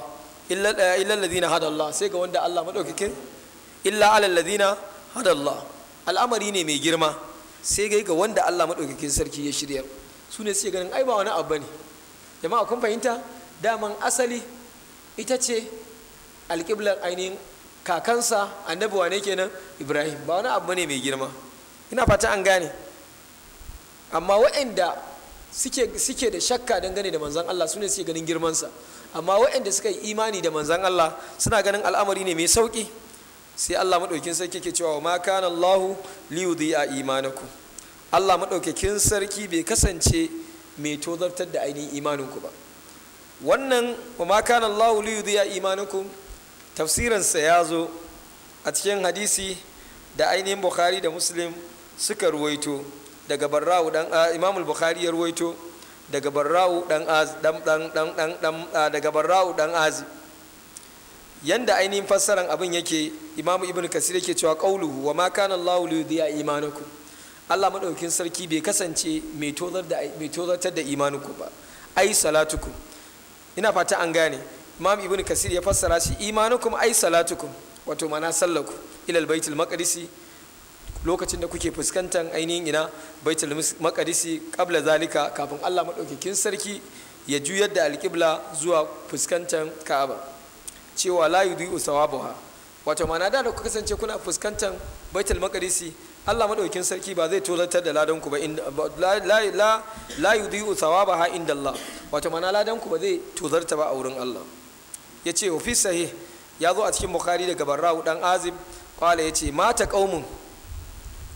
illal eh, ladina hadallah sai ga wanda Allah madaukakin illa alal ladina hadallah al'amari ne mai girma sai gai ga wanda Allah maɗaukakin sarki ya shirya su ne suke ganin ai ba wani abu bane jama'a kun fahimta daman asali ita ce alƙiblar ainihin kakansa annabi wane kenan ibrahim ba wani abu ne mai girma ina fata an gane amma waɗanda suke da shakka dangane da manzan Allah su ne suke ganin girmansa amma waɗanda suka yi imani da manzan Allah suna ganin al'amari ne mai sauƙi sai Allah maɗaukin sarki ke cewa ma kana Allahu li yudhi'a imanakum Allah maɗaukakin sarki bai kasance mai tozartar da ainihin imaninku ba wannan wa ma kana Allahu li yudhi'a imanakum tafsirin sa zo a cikin hadisi da ainihin Bukhari da Muslim suka ruwaito daga Barra'u dan Imam bukhari ya ruwaito daga Barra'u dan azi. dan dan dan dan daga Barra'u dan yanda ainihin fassaran abin yake imamu ibn kasir yake cewa qauluhu wa ma kana Allahu li yudhi'a imanakum Allah madaukin sarki bai kasance mai tozar da mai tozartar da imanuku ba ai salatukum ina fata an gane imam ibn kasir ya fassara shi imanukum ai salatukum wato mana sallaku ilal baitul maqdisi lokacin da kuke fuskantar ainihin ina baitul maqdisi qabla zalika kafin Allah madaukakin sarki ya juyar da alƙibla zuwa fuskantar ka'aba cewa la yudhi'u sawabaha wato mana da ku kasance kuna fuskantar baitul maqdisi Allah madaukin sarki ba zai tozartar da ladan ku ba la la la yudhi'u ha inda Allah wato mana ladan ku ba zai tozarta ba a wurin Allah yace wa fi sahih ya zo a cikin bukhari daga barra'u dan azib qala yace mata qaumun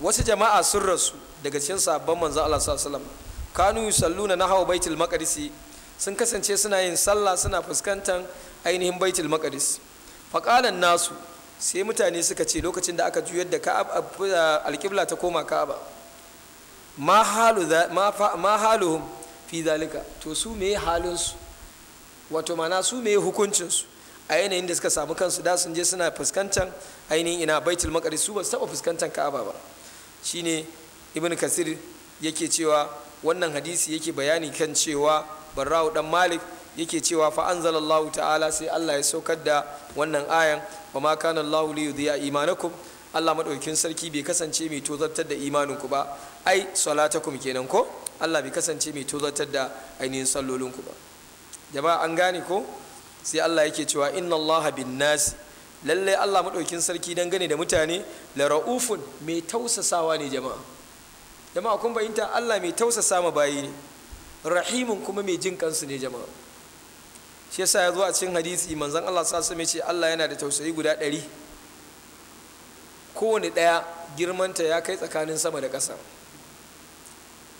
wasu jama'a sun rasu daga cikin sabon manza Allah sallallahu alaihi wasallam kanu yusalluna nahwa baitul maqdisi sun kasance suna yin sallah suna fuskantar ainihin baitul maqdis faqala nasu sai mutane suka ce lokacin da aka juyar da alƙibla ta koma ka'aba ma haluhum fi zalika to su me halinsu wato mana su me hukuncinsu a yanayin da suka samu kansu da sun je suna fuskantar ainihin ina baitul makari su basu su taɓa fuskantar ka'aba ba shine ibn kasir yake cewa wannan hadisi yake bayani kan cewa barra'u dan malik yake cewa fa anzalallahu ta'ala sai Allah ya saukar da wannan ayan wa ma kana Allahu li imanakum Allah madaukakin sarki bai kasance mai tozartar da imaninku ba ai salatakum kenan ko Allah bai kasance mai tozartar da ainihin sallolinku ba jama'a an gane ko sai Allah yake cewa inna Allah bin nasi lalle Allah madaukakin sarki dangane da mutane la raufun mai tausasawa ne jama'a jama'a kun bayyanta Allah mai tausasa ma bayi ne rahimun kuma mai jin kansu ne jama'a shi yasa ya zo a cikin hadisi manzon Allah sallallahu alaihi ce Allah yana da tausayi guda ɗari kowane ɗaya girmanta ya kai tsakanin sama da ƙasa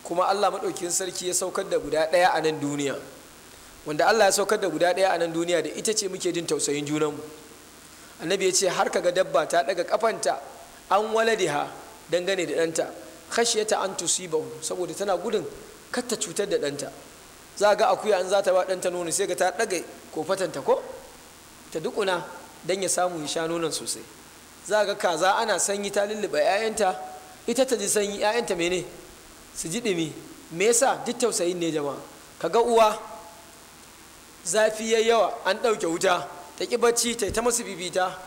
kuma Allah maɗaukin sarki ya saukar da guda ɗaya a nan duniya wanda Allah ya saukar da guda ɗaya a nan duniya da ita ce muke jin tausayin junanmu annabi ya ce har kaga dabba ta daga kafanta an waladiha dangane da ɗanta khashiyata an tusibahu saboda tana gudun kar ta cutar da ɗanta za ga akuya an za ta ba ɗanta nono sai ga ta ɗaga kofatanta ko ta dukuna don ya samu ya sha nonon sosai za ga kaza ana sanyi ta lullube 'ya'yanta ita ta ji sanyi 'ya'yanta mene su ji ɗumi me yasa duk tausayin ne jama'a ga uwa zafi ya yawa an ɗauke wuta ta ƙi bacci ta ta masu bibita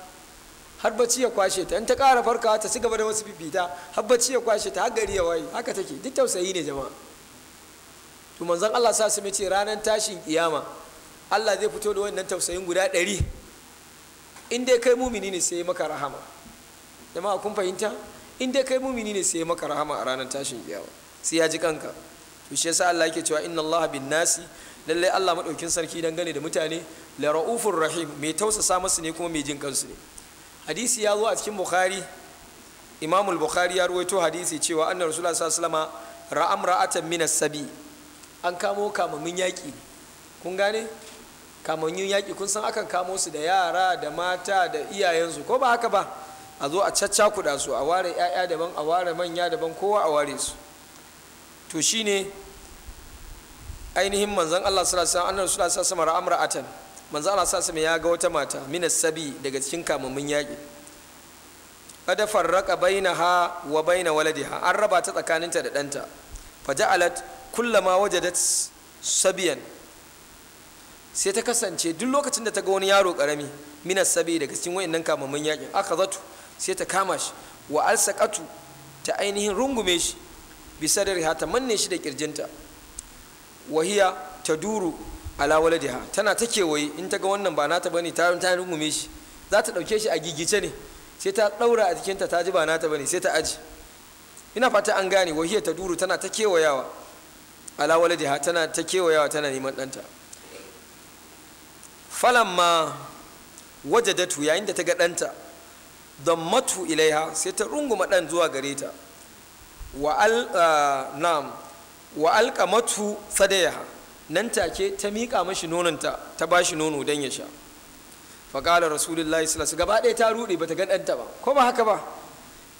har bacci ya kwashe ta in ta ƙara farka ta ci gaba da masu bibita har bacci ya kwashe ta har gari ya waye haka take duk tausayi ne jama'a to manzon Allah sa su ce ranar tashin kiyama Allah zai fito da wannan tausayin guda ɗari in dai kai mumini ne sai maka rahama jama'a kun fahimta in dai kai mumini ne sai maka rahama a ranar tashin kiyama sai ya ji kanka to shi yasa Allah yake cewa inna Allah bin nasi lallai Allah madaukin sarki dangane da mutane la raufur rahim mai tausasa musu ne kuma mai jin kansu ne hadisi ya zo a cikin bukhari imamul bukhari ya ruwaito hadisi cewa annar rasulullah sallallahu alaihi wasallam ra'am ra'atan min sabi an kamo kamamin yaƙi kun gane kamamin yaƙi kun san akan kamo su da yara da mata da iyayensu ko ba haka ba a zo a caccakuɗa su a ware 'ya'ya daban a ware manya daban kowa a ware su to shine ainihin manzan Allah sallallahu alaihi wasallam annabi sallallahu alaihi atan manzan Allah sallallahu alaihi ya ga wata mata minas sabi daga cikin kamamin yaƙi kada farraka bainaha wa baina waladiha an raba ta tsakaninta da ɗanta faja'alat kullama wajadat sabiyan sai ta kasance duk lokacin da ta ga wani yaro karami mina sabi daga cikin wayannan kamamman yakin aka zatu sai ta kama shi wa alsaqatu ta ainihin rungume shi bisa da riha ta manne shi da kirjinta wahiya ta duru ala waladiha tana ta kewaye in ta ga wannan ba nata bane ta ta rungume shi za ta dauke shi a gigice ne sai ta daura a jikinta ta ji ba nata bane sai ta aji ina fata an gane wahiya ta duru tana ta kewayawa ala ha tana ta kewayawa tana neman ɗanta falamma wajadatu yayin da ta ga ɗanta don matu ilaiha sai ta runguma ɗan zuwa gare ta wa alƙa matu sadayaha nan take ta miƙa mashi nonon ta ba shi nono don ya sha faƙalar rasulullahi sallallahu gaba ɗaya ta ruɗe ba ta ga ɗanta ba ko ba haka ba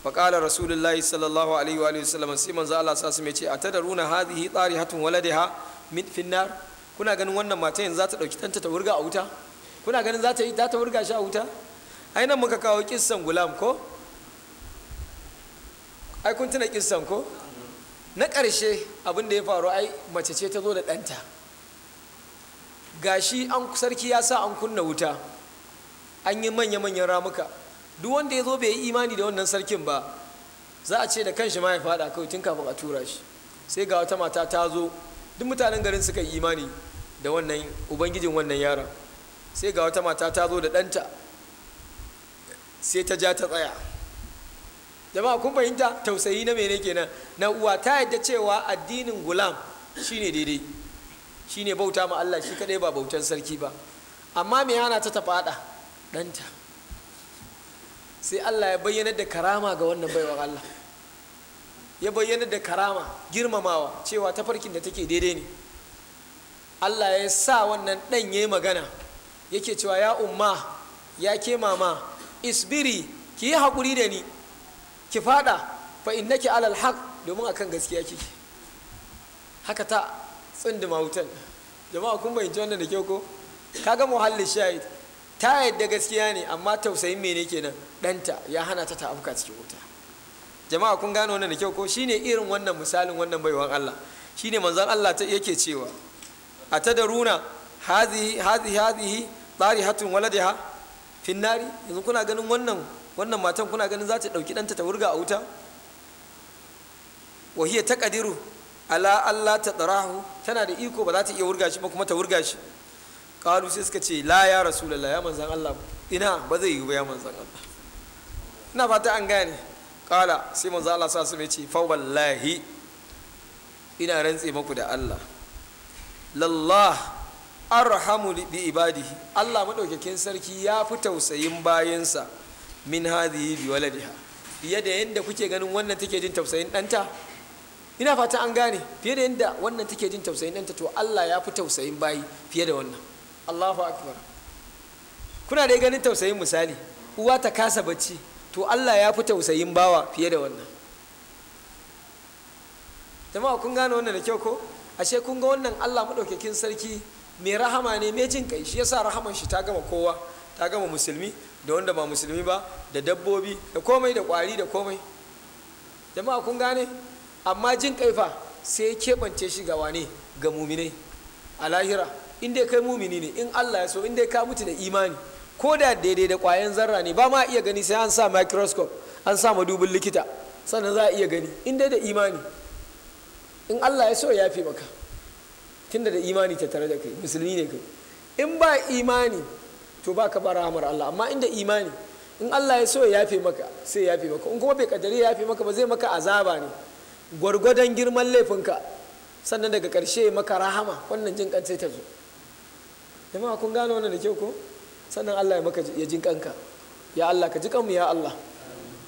faƙalar rasulullahi sallallahu alaihi wa sallam sai manzo Allah sa su ce a tadaruna hadhihi tarihatun waladiha min finnar kuna ganin wannan mata yanzu za ta dauki tanta ta wurga a wuta kuna ganin za ta yi ta wurga shi a wuta ai nan muka kawo kissan gulam ko ai kun tuna kissan ko na ƙarshe abin da ya faru ai mace ce ta zo da ɗanta gashi an sarki ya sa an kunna wuta an yi manya-manyan ramuka duk wanda ya zo bai yi imani da wannan sarkin ba za a ce da kanshi ma ya faɗa kawai tun kafin a tura shi sai ga wata mata ta zo duk mutanen garin suka yi imani da wannan ubangijin wannan yaron sai ga wata mata ta zo da ɗanta sai ta ja ta tsaya jama'a kun fahimta tausayi na mene kenan na uwa ta yadda cewa addinin gulam shine daidai shine bauta ma Allah shi kadai ba bautan sarki ba amma me hana ta tafada faɗa ɗanta sai Allah ya bayyana da karama ga wannan baiwa Allah ya bayyana da karama girmamawa cewa ta farkin da take daidai ne Allah ya sa wannan ɗan ya magana yake cewa ya umma ya ke mama isbiri ki yi haƙuri da ni ki faɗa fa innaki alal haq domin akan gaskiya kike haka ta tsindima wutan jama'a kun bayyance wannan da kyau ko kaga muhallin shahid ta yadda gaskiya ne amma tausayin mene kenan ɗanta ya hana ta ta cikin wuta jama'a kun gano wannan da kyau ko shine irin wannan misalin wannan baiwan Allah shine manzon Allah ta yake cewa a ta tadaruna hazihi hazihi hazihi tarihatun waladiha fin nari yanzu kuna ganin wannan wannan matan kuna ganin za ta dauki danta ta wurga a wuta wa hiya taqdiru ala Allah ta tsarahu tana da iko ba za ta iya wurga shi ba kuma ta wurga shi ƙaru sai suka ce la ya rasu lalla ya manzan Allah ina ba zai yi ba ya manzan Allah ina fata an gane ƙala sai manzan Allah sa su mai ce fa wallahi ina rantse maku da Allah lallah arhamu bi ibadihi Allah madaukakin sarki ya fi tausayin bayansa min hadhihi bi waladiha fiye da yadda kuke ganin wannan take jin tausayin ɗanta ina fata an gane fiye da yadda wannan take jin tausayin ɗanta to Allah ya fi tausayin bayi fiye da wannan Allahu akbar kuna dai ganin tausayin misali uwa ta kasa bacci to Allah ya fi tausayin bawa fiye da wannan jama'a kun gane wannan da kyau ko ashe kun ga wannan Allah maɗaukakin sarki mai rahama ne mai jin kai shi yasa rahaman shi ta gama kowa ta gama musulmi da wanda ba musulmi ba da dabbobi da komai da kwari da komai jama'a kun gane amma jin kaifa sai ya keɓance shi ga wane ga muminai a lahira in dai kai mumini ne in Allah ya so in dai ka mutu da imani ko da daidai da ƙwayan zarra ne ba ma iya gani sai an sa microscope an sa madubin likita sannan za a iya gani in dai da imani in Allah ya so ya fi maka tunda da imani ta tare da kai musulmi ne kai in ba imani to ba ka bara amur Allah amma in da imani in Allah ya so ya fi maka sai ya fi maka in kuma bai kadari ya fi maka ba zai maka azaba ne gwargwadon girman laifinka sannan daga ƙarshe maka rahama wannan jin kan sai ta zo jama'a kun gane wannan da kyau ko sannan Allah ya maka ya jin kanka ya Allah ka ji kanmu ya Allah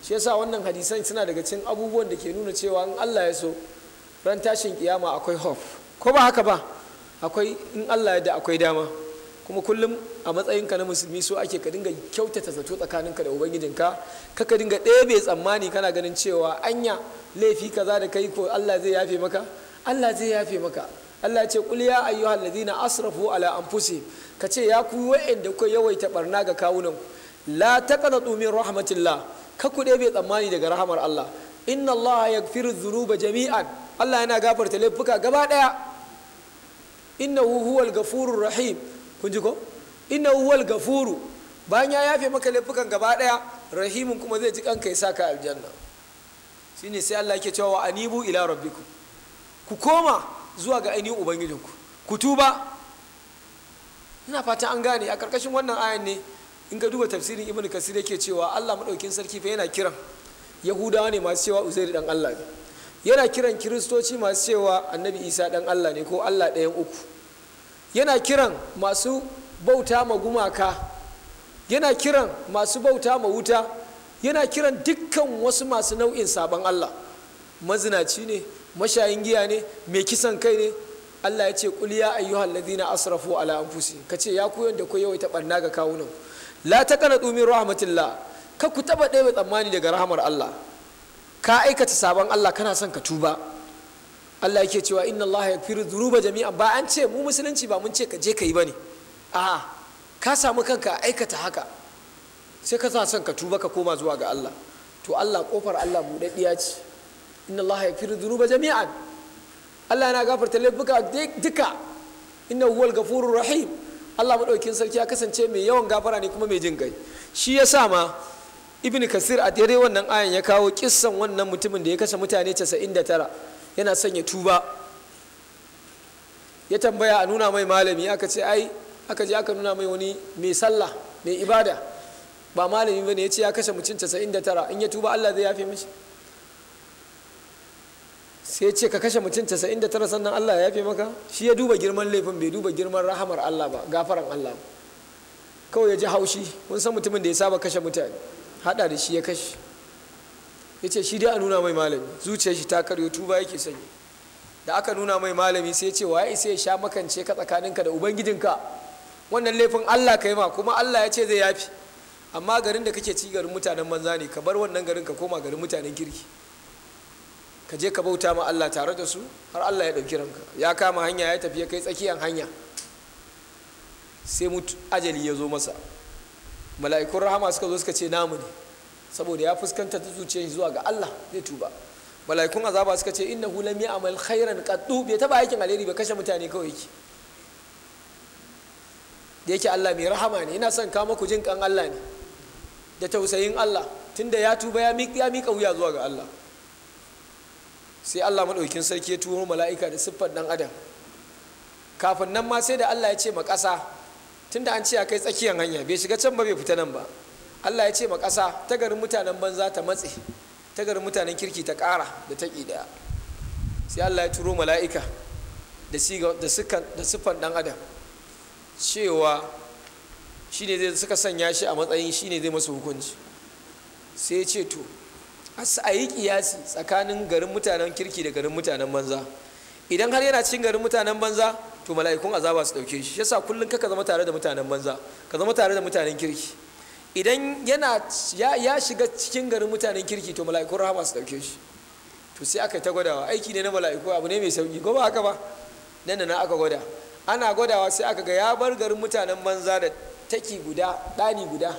shi yasa wannan hadisan suna daga cikin abubuwan da ke nuna cewa in Allah ya so ran tashin kiyama akwai hof ko ba haka ba akwai in Allah ya da akwai dama kuma kullum a matsayinka na musulmi so ake ka dinga kyautata zato tsakaninka da ubangijinka ka ka dinga ɗebe tsammani kana ganin cewa anya laifi kaza da kai ko Allah zai yafe maka Allah zai yafe maka Allah ce kul ya ayyuhal ladina asrafu ala anfusihim kace ya ku wa'anda ku yawaita barna ga kawunan la taqnatu min rahmatillah ka ku dai bai tsammani daga rahamar Allah inna Allah yaghfiru dhunuba jami'an Allah yana gafarta laifuka gaba daya innahu huwal ghafurur rahim kun ji ko innahu huwal ghafuru bayan ya yafe maka laifukan gaba daya rahimun kuma zai ji kanka ya saka aljanna shine sai Allah yake cewa anibu ila rabbikum ku koma zuwa ga ainihin ubangijinku ku tuba ina fata an gane a karkashin wannan ayan ne in ka duba tafsirin ibn kasir yake cewa Allah maɗaukin sarki fa yana kiran yahudawa ne masu cewa uzairu dan Allah ne yana kiran kiristoci masu cewa annabi isa dan Allah ne ko Allah ɗayan uku yana kiran masu bauta ma gumaka yana kiran masu bauta ma wuta yana kiran dukkan wasu masu nau'in sabon Allah mazinaci ne mashayin giya ne mai kisan kai ne Allah ya ce kuliya ya ayyuhal ladina asrafu ala Ka ce ya koyon da koyo ta barna ga kawunan la taqnatu min rahmatillah ka ku taba ɗaya tsammani daga rahamar Allah ka aikata sabon Allah kana son ka tuba Allah yake cewa inna Allah yaghfiru zuruba jami'an ba an ce mu musulunci ba mun ce ka je ka yi ba ne. a'a ka samu kanka aikata haka sai ka sa son ka tuba ka koma zuwa ga Allah to Allah kofar Allah buɗaɗɗiya ce inna allaha yaghfiru dhunuba jami'an Allah yana gafarta laifuka duka inna huwal gafurur rahim Allah madaukin sarki ya kasance mai yawan gafara ne kuma mai jin kai shi yasa ma ibn kasir a daidai wannan ayan ya kawo kissan wannan mutumin da ya kashe mutane 99 yana son ya tuba ya tambaya a nuna mai malami aka ce ai aka je aka nuna mai wani mai sallah mai ibada ba malami bane ya ce ya kashe mutum 99 in ya tuba Allah zai yafe mishi sai ce ka kashe mutum tara sannan Allah ya yafe maka shi ya duba girman laifin bai duba girman rahamar Allah ba gafaran Allah kawai ya ji haushi mun san mutumin da ya saba kashe mutane hada da shi ya kashe ya ce shi dai a nuna mai malami zuciyar shi ta karyo tuba yake sanyi da aka nuna mai malami sai ce waye sai ya sha makance ka tsakaninka da ubangijinka wannan laifin Allah ka kai ma kuma Allah ya ce zai yafi amma garin da kake ci garin mutanen manzani ne ka bar wannan garin ka koma garin mutanen kirki ka je ka bauta ma Allah tare da su har Allah ya ɗauki ranka ya kama hanya ya tafi kai tsakiyar hanya sai mutu ajali ya zo masa mala'ikun rahama suka zo suka ce namu ne saboda ya fuskanta ta zuciya zuwa ga Allah zai tuba mala'ikun azaba suka ce innahu lam ya'mal khairan qattu bai taba aikin alheri ba kashe mutane kawai yake da yake Allah mai rahama ne ina son kama ku jin kan Allah ne da tausayin Allah tunda ya tuba ya miƙa wuya zuwa ga Allah sai allah maɗaukin sarki ya turo mala'ika da siffar ɗan adam kafin nan ma sai da allah ya ce ma ƙasa tunda an ce a kai tsakiyar hanya bai shiga can ba bai fita nan ba allah ya ce ma ƙasa ta garin mutanen banza ta matse ta garin mutanen kirki ta ƙara da ta ƙi ɗaya sai allah ya turo mala'ika da siffar ɗan adam cewa shi ne zai suka sanya shi a matsayin shi ne zai masu hukunci sai ya ce to hasu a yi kiyasi tsakanin garin mutanen kirki da garin mutanen banza idan har yana cikin garin mutanen banza to mala'ikun azaba su dauke shi yasa kullum ka zama tare da mutanen banza ka zama tare da mutanen kirki idan yana ya, shiga cikin garin mutanen kirki to mala'ikun rahama su dauke shi to sai aka ta gwadawa aiki ne na mala'iku abu ne mai sauki ko ba haka ba nan da nan aka gwada ana gwadawa sai aka ga ya bar garin mutanen banza da taki guda ɗani guda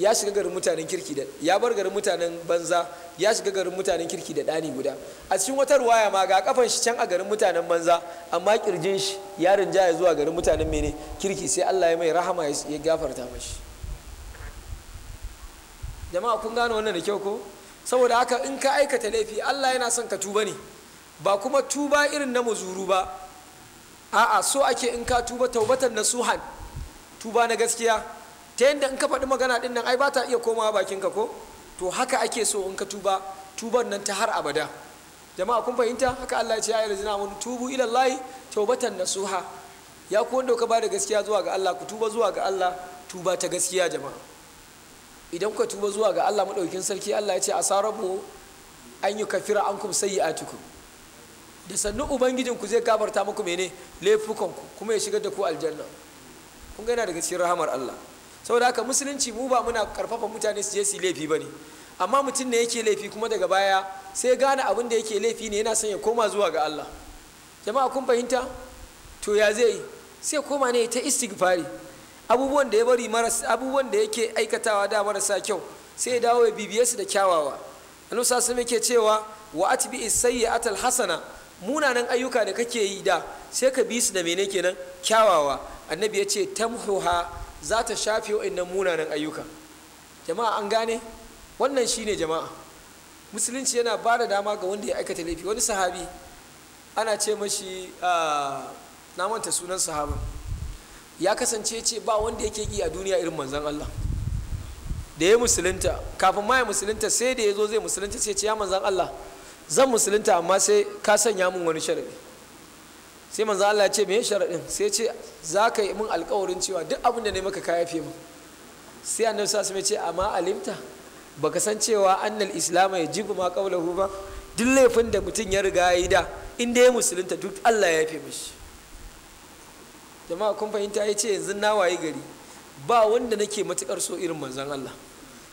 ya shiga garin mutanen kirki da ya bar garin mutanen banza ya shiga garin mutanen kirki da dani guda a cikin wata ruwaya ma ga kafan shi can a garin mutanen banza amma kirjin shi ya rinja ya zuwa garin mutanen mene kirki sai Allah ya mai rahama ya gafarta mashi jama'a kun gano wannan da kyau ko saboda haka in ka aikata laifi Allah yana son ka tuba ne ba kuma tuba irin na muzuru ba a'a so ake in ka tuba taubatan nasuhan tuba na gaskiya ta yadda in ka faɗi magana ɗin nan ai ba ta iya komawa ka ko to haka ake so in ka tuba tuban nan ta har abada jama'a kun fahimta haka Allah ya ce ayyul zina mun tubu ila ta'ubatan tawbatan nasuha ya ku wanda ka bada gaskiya zuwa ga Allah ku tuba zuwa ga Allah tuba ta gaskiya jama'a idan ku tuba zuwa ga Allah madaukin sarki Allah ya ce asarabu an yi kafira an sayi atiku da sannu ubangijin ku zai gabarta muku mene laifukanku ku kuma ya shigar da ku aljanna kun ga yana daga rahamar Allah saboda haka musulunci mu ba muna karfafa mutane su je su laifi ba ne amma mutum ne yake laifi kuma daga baya sai gane abin da yake laifi ne yana son ya koma zuwa ga Allah jama'a kun fahimta to ya zai sai koma ne ta istighfari abubuwan da ya bari maras abubuwan da yake aikatawa da marasa kyau sai ya dawo ya bibiye su da kyawawa annabi sallallahu yake cewa wa atbi sayyi'atal hasana munanan ayyuka da kake yi da sai ka bi su da mene kenan kyawawa annabi ya ce tamhuha za ta shafe wa'annan munanan ayyuka jama'a an gane wannan shine jama'a musulunci yana ba da dama ga wanda ya aikata laifi wani sahabi ana ce mashi ah, na manta sunan sahabin ya kasance ce ba wanda yake ki a duniya irin manzan Allah da ya musulunta kafin ma ya musulunta sai da ya zo zai musulunta sai ce ya manzan Allah zan musulunta amma sai ka sanya min wani sharadi sai manzo Allah ya ce me sharadin sai ce za ka yi min alkawarin cewa duk abin da ne maka ka yafe min sai annabi sallallahu alaihi ce amma alimta baka san cewa annal islam ya jibu ma qawluhu ba duk laifin da mutum ya riga ya yi da in dai ya musulunta duk Allah ya yafe mishi jama'a kun fahimta ya ce yanzu na wayi gari ba wanda nake matukar so irin manzon Allah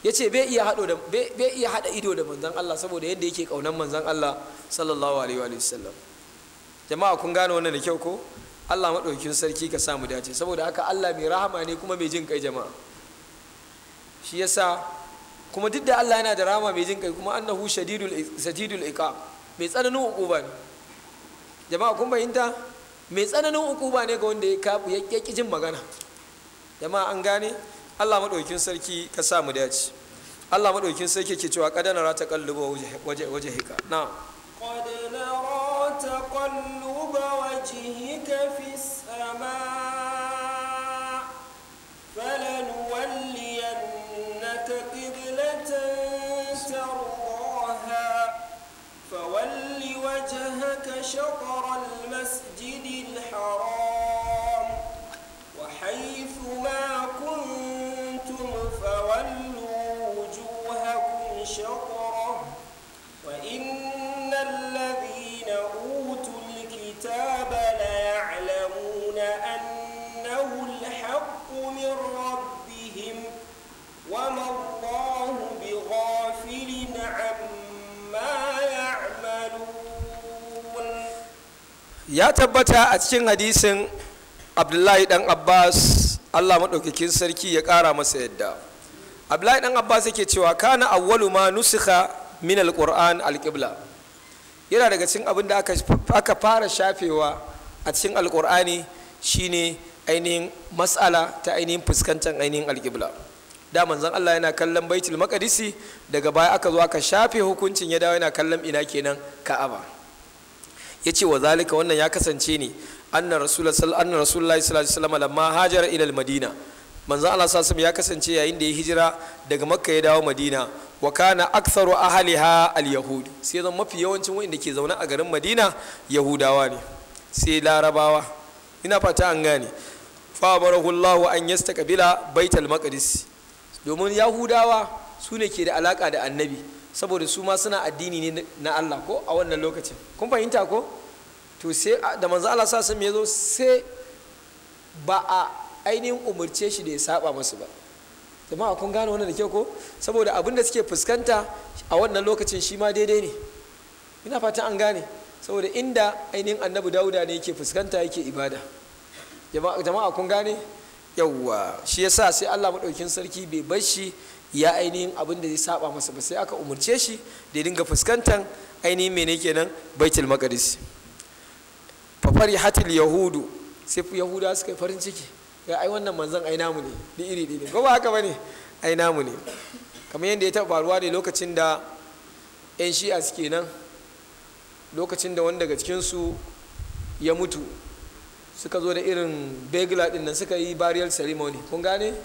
ya ce bai iya hada ido da manzon Allah saboda yadda yake kaunan manzon Allah sallallahu alaihi wa sallam jama'a kun gane wannan da kyau ko Allah maɗaukin sarki ka samu dace saboda haka Allah mai rahama ne kuma mai jin kai jama'a shi yasa kuma duk da Allah yana da rahama mai jin kai kuma annahu shadidul shadidul iqa mai tsananin uquba ne jama'a kun bayyanta mai tsananin uquba ne ga wanda ya kafu ya ƙi jin magana jama'a an gane Allah maɗaukin sarki ka samu dace Allah maɗaukin sarki ke cewa kadana ra ta kallubo waje waje hika na'am qad nara تقلب وجهك في السماء فلنولينك قبلة ترضاها فول وجهك شطر المسجد الحرام وحيث ما كنتم فولوا وجوهكم شطرا ya tabbata a cikin hadisin abdullahi dan abbas allah maɗaukakin sarki ya ƙara masa yadda abdullahi dan abbas yake cewa kana awwalu ma nusikha min alquran alqibla yana daga cikin abin da aka fara shafewa a cikin alqur'ani shine ainihin matsala ta ainihin fuskantar ainihin alqibla da manzon Allah yana kallon baitul maqdisi daga baya aka zo aka shafe hukuncin ya dawo yana kallon ina kenan ka'aba ya ce wa zalika wannan ya kasance ne anna rasulullahi sallallahu alaihi wasallam lamma hajara ila madina manzo Allah sallallahu ya kasance yayin da ya hijira daga makka ya dawo madina wa kana aktharu ahliha al sai zan mafi yawancin wanda ke zaune a garin madina yahudawa ne sai larabawa ina fata an gane fa amarahu Allah an baital maqdis domin yahudawa su ne ke da alaka da annabi saboda su ma suna addini ne na Allah ko a wannan lokacin kun fahimta ko to sai da manzo Allah sa ya zo sai ba a ainihin umurce shi da ya saba musu ba jama'a kun gane wannan da ke ko saboda abin da suke fuskanta a wannan lokacin shi ma daidai ne ina fatan an gane saboda inda ainihin annabi dauda ne yake fuskanta yake ibada jama'a kun gane yawwa shi yasa sai Allah madaukin sarki bai bar shi ya ainihin abin da zai saba masa ba sai aka umarce shi da ya dinga fuskantar ainihin mene kenan baitul maqdis fa farihatil yahudu sai yahuda suka yi farin ciki ga ai wannan manzon ai namu ne da iri iri ba haka bane ai namu ne kamar yadda ya taba faruwa ne lokacin da 'yan shi'a suke nan lokacin da wani daga su ya mutu suka zo da irin begla din nan suka yi burial ceremony kun gane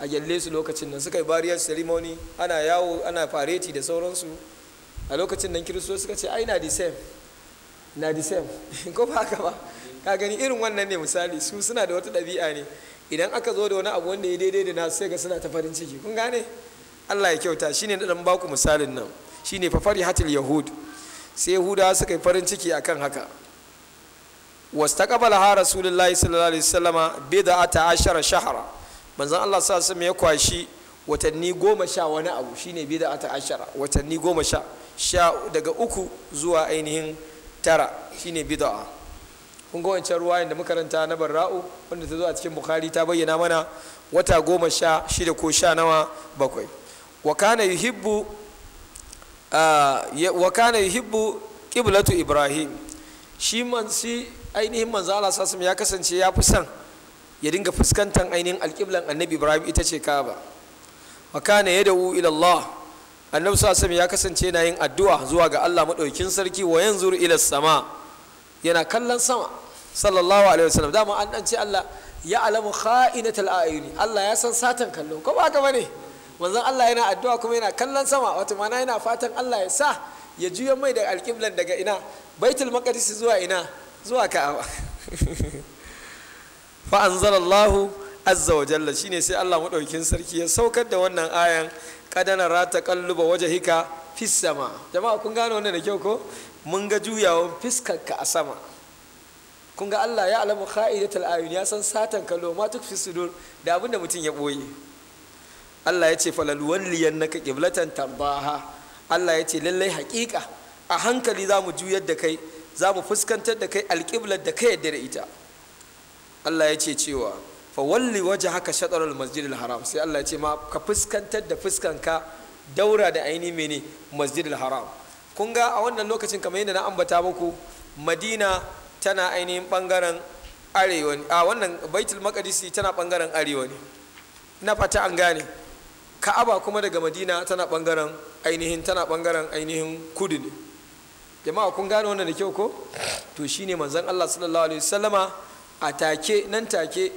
a gyalle su lokacin nan suka yi bariyar ceremony ana yawo ana fareti da sauransu a lokacin nan kiristo suka ce ai na the same na the same ko ba haka ba ka gani irin wannan ne misali su suna da wata ɗabi'a ne idan aka zo da wani abu wanda ya daidai da nasu sai ga suna ta farin ciki kun gane Allah ya kyauta shine na dan baku misalin nan shine fa hatil yahud sai yahudawa suka yi farin ciki akan haka wastaqbala ha rasulullahi sallallahu alaihi wasallama ta ashara shahara. manzon Allah sa su ya kwashi watanni goma sha wani abu shine bid'a ta ashara watanni goma sha sha daga uku zuwa ainihin tara shine bid'a a ga wancan ruwa da makaranta na barra'u wanda ta zo a cikin bukhari ta bayyana mana wata goma sha shida ko sha nawa bakwai wa kana yuhibbu wa yuhibbu ibrahim shi man ainihin manzo Allah ya kasance ya fi son ya dinga fuskantar ainihin alƙiblan annabi ibrahim ita ce kaba wa kana yad'u ila allah annabi sallallahu ya kasance yana yin addu'a zuwa ga allah madaukin sarki wa yanzuru ila sama yana kallon sama sallallahu alaihi wasallam dama an dan ce allah ya alamu kha'inatul a'yuni allah ya san satan kallo ko ba haka bane manzon allah yana addu'a kuma yana kallon sama wato mana yana fatan allah ya sa ya juya mai da alƙiblan daga ina baitul maqdis zuwa ina zuwa ka'aba fa azzawajalla azza wa jalla shine sai Allah maɗaukin sarki ya saukar da wannan ayan kadana rata kalluba wajhika fis sama jama'a kun gane wannan da kyau ko mun ga juyawan fiskarka a sama kun ga Allah ya alamu kha'idatul ayun ya san satan kallo ma tuk da abin da mutum ya boye Allah ya ce falaluwan liyannaka qiblatan tarbaha Allah ya ce lallai hakika a hankali za mu juyar da kai za mu fuskantar da kai alƙiblar da kai yadda da ita Allah ya ce cewa fa walli waje haka shaɗarar masjidil haram sai Allah ya ce ma ka fuskantar da fuskanka daura da aini mene masjidil haram kun ga a wannan lokacin kamar yadda na ambata muku madina tana ainihin bangaren arewa ne a wannan baitul maqdisi tana bangaren arewa ne na fata an gane ka'aba kuma daga madina tana bangaren ainihin tana bangaren ainihin kudu ne jama'a kun gane wannan da kyau ko to shine manzon Allah sallallahu alaihi wasallama a take nan take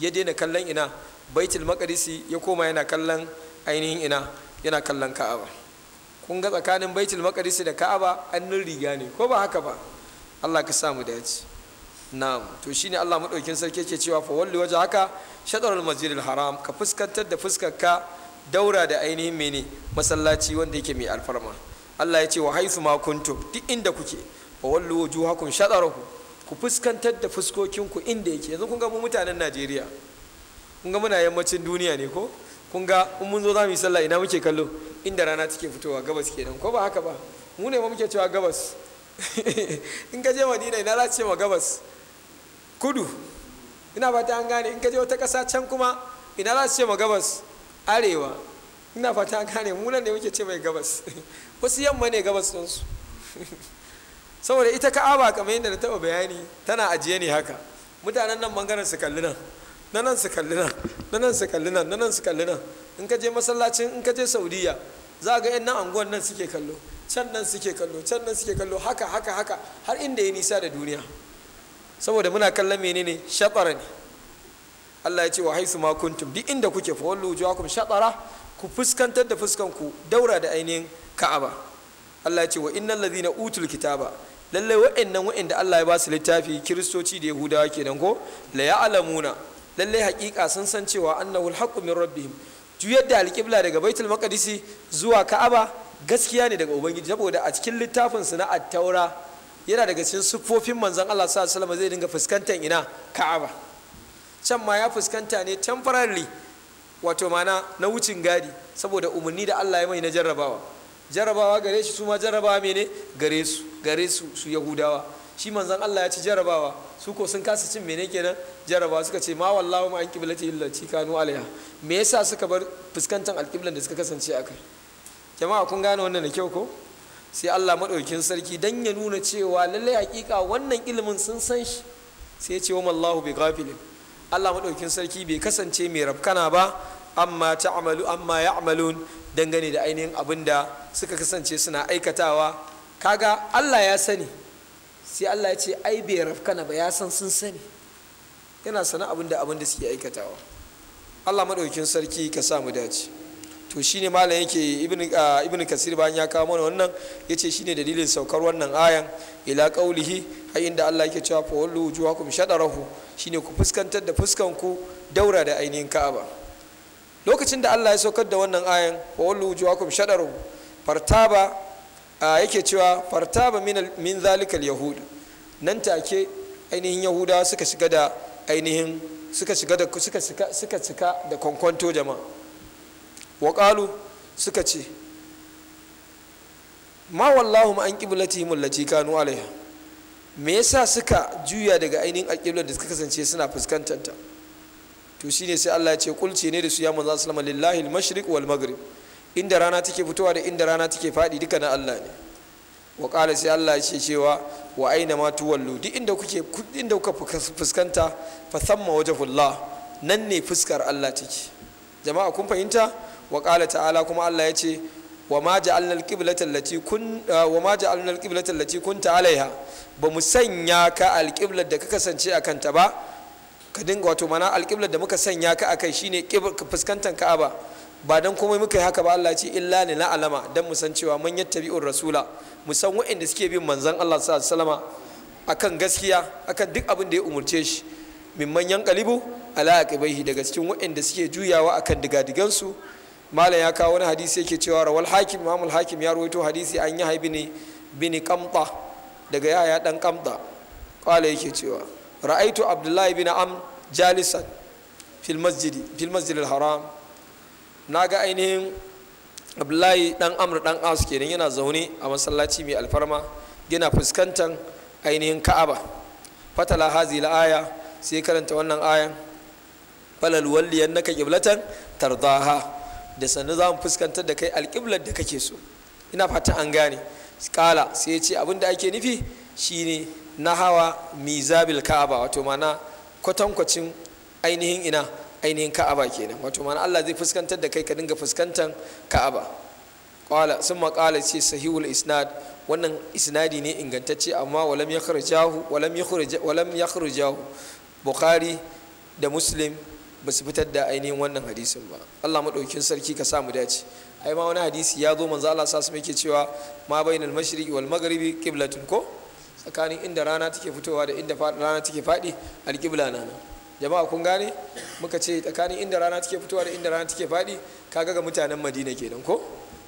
ya daina kallon ina baitul maqdisi ya koma yana kallon ainihin ina yana kallon ka'aba kun ga tsakanin baitul maqdisi da ka'aba annin riga ne ko ba haka ba Allah ka samu yaci na'am to shine Allah madaukin sarki yake cewa fa walli waje haka shadarul masjidil haram ka fuskantar da fuskar ka daura da ainihin mene masallaci wanda yake mai alfarma Allah ya ce wa haisu ma kuntum duk inda kuke fa wallu wujuhakum shadarahu ku fuskantar da fuskokinku inda yake yanzu kun ga mu mutanen najeriya kun ga muna yammacin duniya ne ko kun ga in mun zo za mu yi sallah ina muke kallo inda rana take fitowa gabas kenan ko ba haka ba mu ne ma muke cewa gabas in ka je madina ina za ce ma gabas kudu ina fata an gane in ka je wata ƙasa can kuma ina za ce ma gabas arewa ina fata an gane mu nan ne muke ce mai gabas wasu yamma ne gabas ɗinsu saboda ita ka'aba kamar yadda na taɓa bayani tana ajiye ne haka mutanen nan bangaren su kalli nan na nan su kalli nan na nan su kalli nan na nan su kalli nan in ka je masallacin in ka je saudiya za ga yan nan anguwan nan suke kallo can nan suke kallo can nan suke kallo haka haka haka har inda ya nisa da duniya saboda muna kallon menene shatara ne Allah ya ce wa haisu makuntum duk inda kuke fa wallu wujuhakum shatara ku fuskantar da fuskan ku daura da ainihin ka'aba Allah ya ce wa innal ladina utul kitaba lallai wa'annan wa'anda Allah ya ba su littafi kiristoci da yahudawa kenan ko la ya'lamuna lallai haƙiƙa sun san cewa annahu alhaqqu min rabbihim juyar da alƙibla daga baitul maqdisi zuwa ka'aba gaskiya ne daga ubangiji saboda a cikin littafin su na at-taura yana daga cikin siffofin manzon Allah sallallahu alaihi wasallam zai dinga fuskantar ina ka'aba can ma ya fuskanta ne temporarily wato mana na wucin gadi saboda umarni da Allah ya mai na jarrabawa jarabawa gare shi su ma jarabawa mene gare su gare su su yahudawa shi manzan Allah ya ci jarabawa su ko sun kasa cin mene kenan jarabawa suka ce ma wallahu ma an qiblati illa ci kanu alaiha me yasa suka bar fuskantar alqiblan da suka kasance akai jama'a kun gane wannan da kyau ko sai Allah madaukin sarki dan ya nuna cewa lallai hakika wannan ilimin sun san shi sai ya ce wa mallahu bi ghafilin Allah madaukin sarki bai kasance mai rabkana ba amma ta'malu amma ya'malun dangane da ainihin abin da suka kasance suna aikatawa kaga allah ya sani sai allah ya ce ai bai rafkana ba ya san sun sani yana sana abin da abin da suke aikatawa allah maɗaukin sarki ka sa mu dace to shine malam yake ibn kasir bayan ya kawo mana wannan Ya yace shine dalilin saukar wannan ayan ila qaulihi har inda Allah yake cewa fa wallu wujuhakum shadarahu shine ku fuskantar da fuskan ku daura da ainihin Ka'aba lokacin da Allah ya saukar da wannan ayan wa wallu wujuhakum shadaru fartaba yake cewa fartaba min zalikal yahud nan take ainihin yahuda suka shiga da ainihin suka shiga da suka suka cika da kwankwanto jama'a waƙalu suka ce ma wallahu an qiblatihim allati kanu alaiha me yasa suka juya daga ainihin alqiblar da suka kasance suna fuskantar ta to shine sai Allah ya ce kulce ne da su ya manzo sallama lillahi al-mashriq wal maghrib inda rana take fitowa da inda rana take fadi duka na Allah ne wa qala sai Allah ya ce cewa wa aina ma tuwallu duk inda kuke inda kuka fuskanta fa thamma wajhullah nan ne fuskar Allah take jama'a kun fahimta wa qala ta'ala kuma Allah ya ce wa ma ja'alna al-qiblata allati kun wa ma ja'alna al-qiblata allati kunta alaiha ba mu sanya ka al-qiblat da ka kasance a kanta ba ka dinga wato mana alƙiblar da muka sanya ka a akai shine fuskantar ka'aba ba don komai muka yi haka ba Allah ce illa ni na alama don mu san cewa manyan tabi'un rasula mu san waɗanda suke bin manzan Allah sallallahu alaihi wasallama akan gaskiya akan duk abin da ya umurce shi manyan yanqalibu ala aqibaihi daga cikin wa'inda suke juyawa akan digadigansu malam ya kawo wani hadisi yake cewa rawal hakim mamul hakim ya rawaito hadisi an yi haibi ne bini kamta daga yaya dan kamta kwale yake cewa ra'aitu abdullahi bin am jalisan fil masjid al-haram na ga ainihin abdullahi dan amr dan as kenan yana zaune a masallaci mai alfarma yana fuskantar ainihin ka'aba fatala hazi aya sai karanta wannan ayan falal walliyan naka qiblatan tardaha da sannu za mu fuskantar da kai alƙiblar da kake so ina fata an gane kala sai ya ce abin da ake nufi shine na hawa mizabil ka'aba wato mana kwatankwacin ainihin ina ainihin ka'aba kenan wato mana Allah zai fuskantar da kai ka dinga fuskantar ka'aba sun makala qala ce sahihul isnad wannan isnadi ne ingantacce amma walam yakhrujahu walam walam bukhari da muslim ba su fitar da ainihin wannan hadisin ba Allah madaukin sarki ka sa mu dace ai ma wani hadisi ya zo manzo Allah sa su yake cewa ma bainal mashriqi wal maghribi qiblatun ko tsakanin inda rana take fitowa da inda rana take faɗi alƙibla na nan jama'a kun gane muka ce tsakanin inda rana take fitowa da inda rana take faɗi kaga ga mutanen madina kenan ko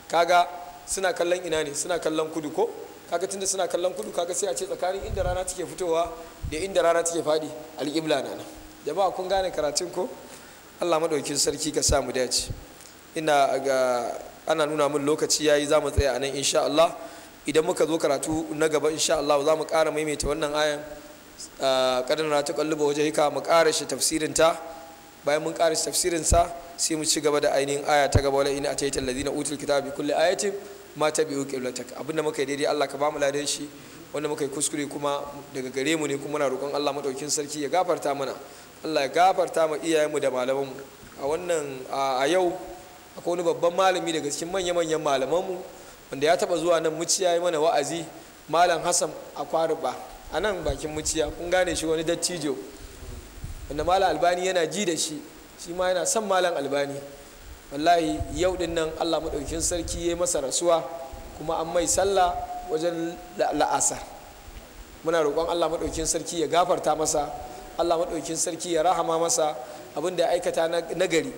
kaga suna kallon ina ne suna kallon kudu ko kaga tunda suna kallon kudu kaga sai a ce tsakanin inda rana take fitowa da inda rana take faɗi alƙibla na nan jama'a kun gane karatun ko allah maɗaukin sarki ka sa mu dace ina ga ana nuna min lokaci yayi za mu tsaya a nan insha allah idan muka zo karatu na gaba insha Allah za mu ƙara maimaita wannan ayan kadan na ta kalluba waje hika mu kara shi tafsirin ta bayan mun ƙara shi tafsirin sa sai mu ci gaba da ainihin aya ta gaba wala a ataita alladhina utul kitaba bi kulli ayatin ma tabi'u qiblatak abinda muka yi daidai Allah ka ba mu ladan shi wanda muka yi kuskure kuma daga gare mu ne kuma na roƙon Allah madaukin sarki ya gafarta mana Allah ya gafarta ma iyayenmu da malamanmu a wannan a yau akwai wani babban malami daga cikin manya-manyan mu. wanda ya taba zuwa nan muciya yi mana wa'azi malam hassan ba a nan bakin muciya kun gane shi wani dattijo wanda malam albani yana ji da shi shi ma yana son malam albani wallahi yau din nan allah maɗaukin sarki ya yi masa rasuwa kuma an mai sallah wajen la'asar muna roƙon allah maɗaukin sarki ya gafarta masa allah maɗaukin sarki ya rahama masa abinda ya aikata nagari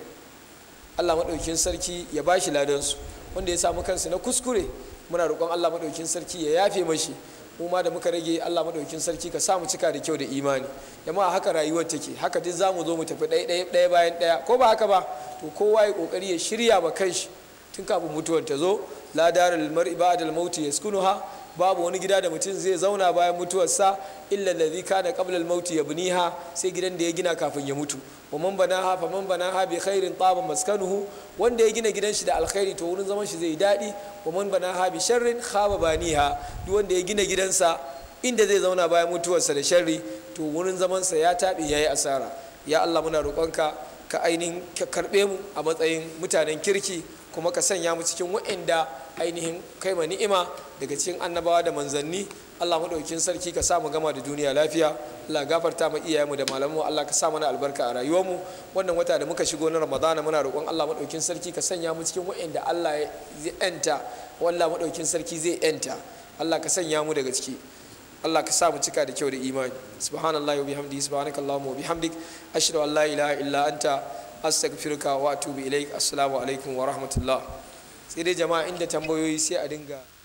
allah maɗaukin sarki ya ba shi ladansu wanda ya samu kansu na kuskure muna roƙon Allah maɗaukin sarki ya yafe mashi mu ma da muka rage Allah maɗaukin sarki ka samu cika da kyau da imani yamma haka rayuwar take haka duk zamu zo mu tafi ɗaya bayan ɗaya ko ba haka ba to kowa ya kokari ya shirya ma kanshi tun kafin mutuwar ta zo la darul mar'i ba'da al yaskunuha babu wani gida da mutum zai zauna bayan mutuwarsa illa zika da mauti ya ya yabniha sai gidan da ya gina kafin ya mutu wa man ha fa man ha bi khairin taba maskanuhu wanda ya gina gidan shi da alkhairi to wurin zaman shi zai daɗi wa man ha bi sharrin khaba baniha duk wanda ya gina gidansa inda zai zauna bayan mutuwarsa da sharri to wurin zamansa ya taɓe ya yi asara ya allah muna roƙonka ka ainihin ka karɓe mu a matsayin mutanen kirki kuma ka sanya mu cikin waɗanda ainihin kai ma ni'ima daga cikin annabawa da manzanni Allah madaukakin sarki ka sa mu gama da duniya lafiya Allah gafarta mu iyayenmu da malamanmu Allah ka sa mana albarka a rayuwarmu wannan wata da muka shigo na Ramadana muna roƙon Allah madaukakin sarki ka sanya mu cikin waɗanda Allah zai yanta wallah madaukakin sarki zai yanta Allah ka sanya mu daga ciki Allah ka sa mu cika da kyau da imani subhanallahi wa bihamdihi subhanakallahumma wa bihamdik ashhadu an la ilaha illa anta astaghfiruka wa atubu ilaik assalamu alaikum wa rahmatullah sai dai jama'a inda tambayoyi sai a dinga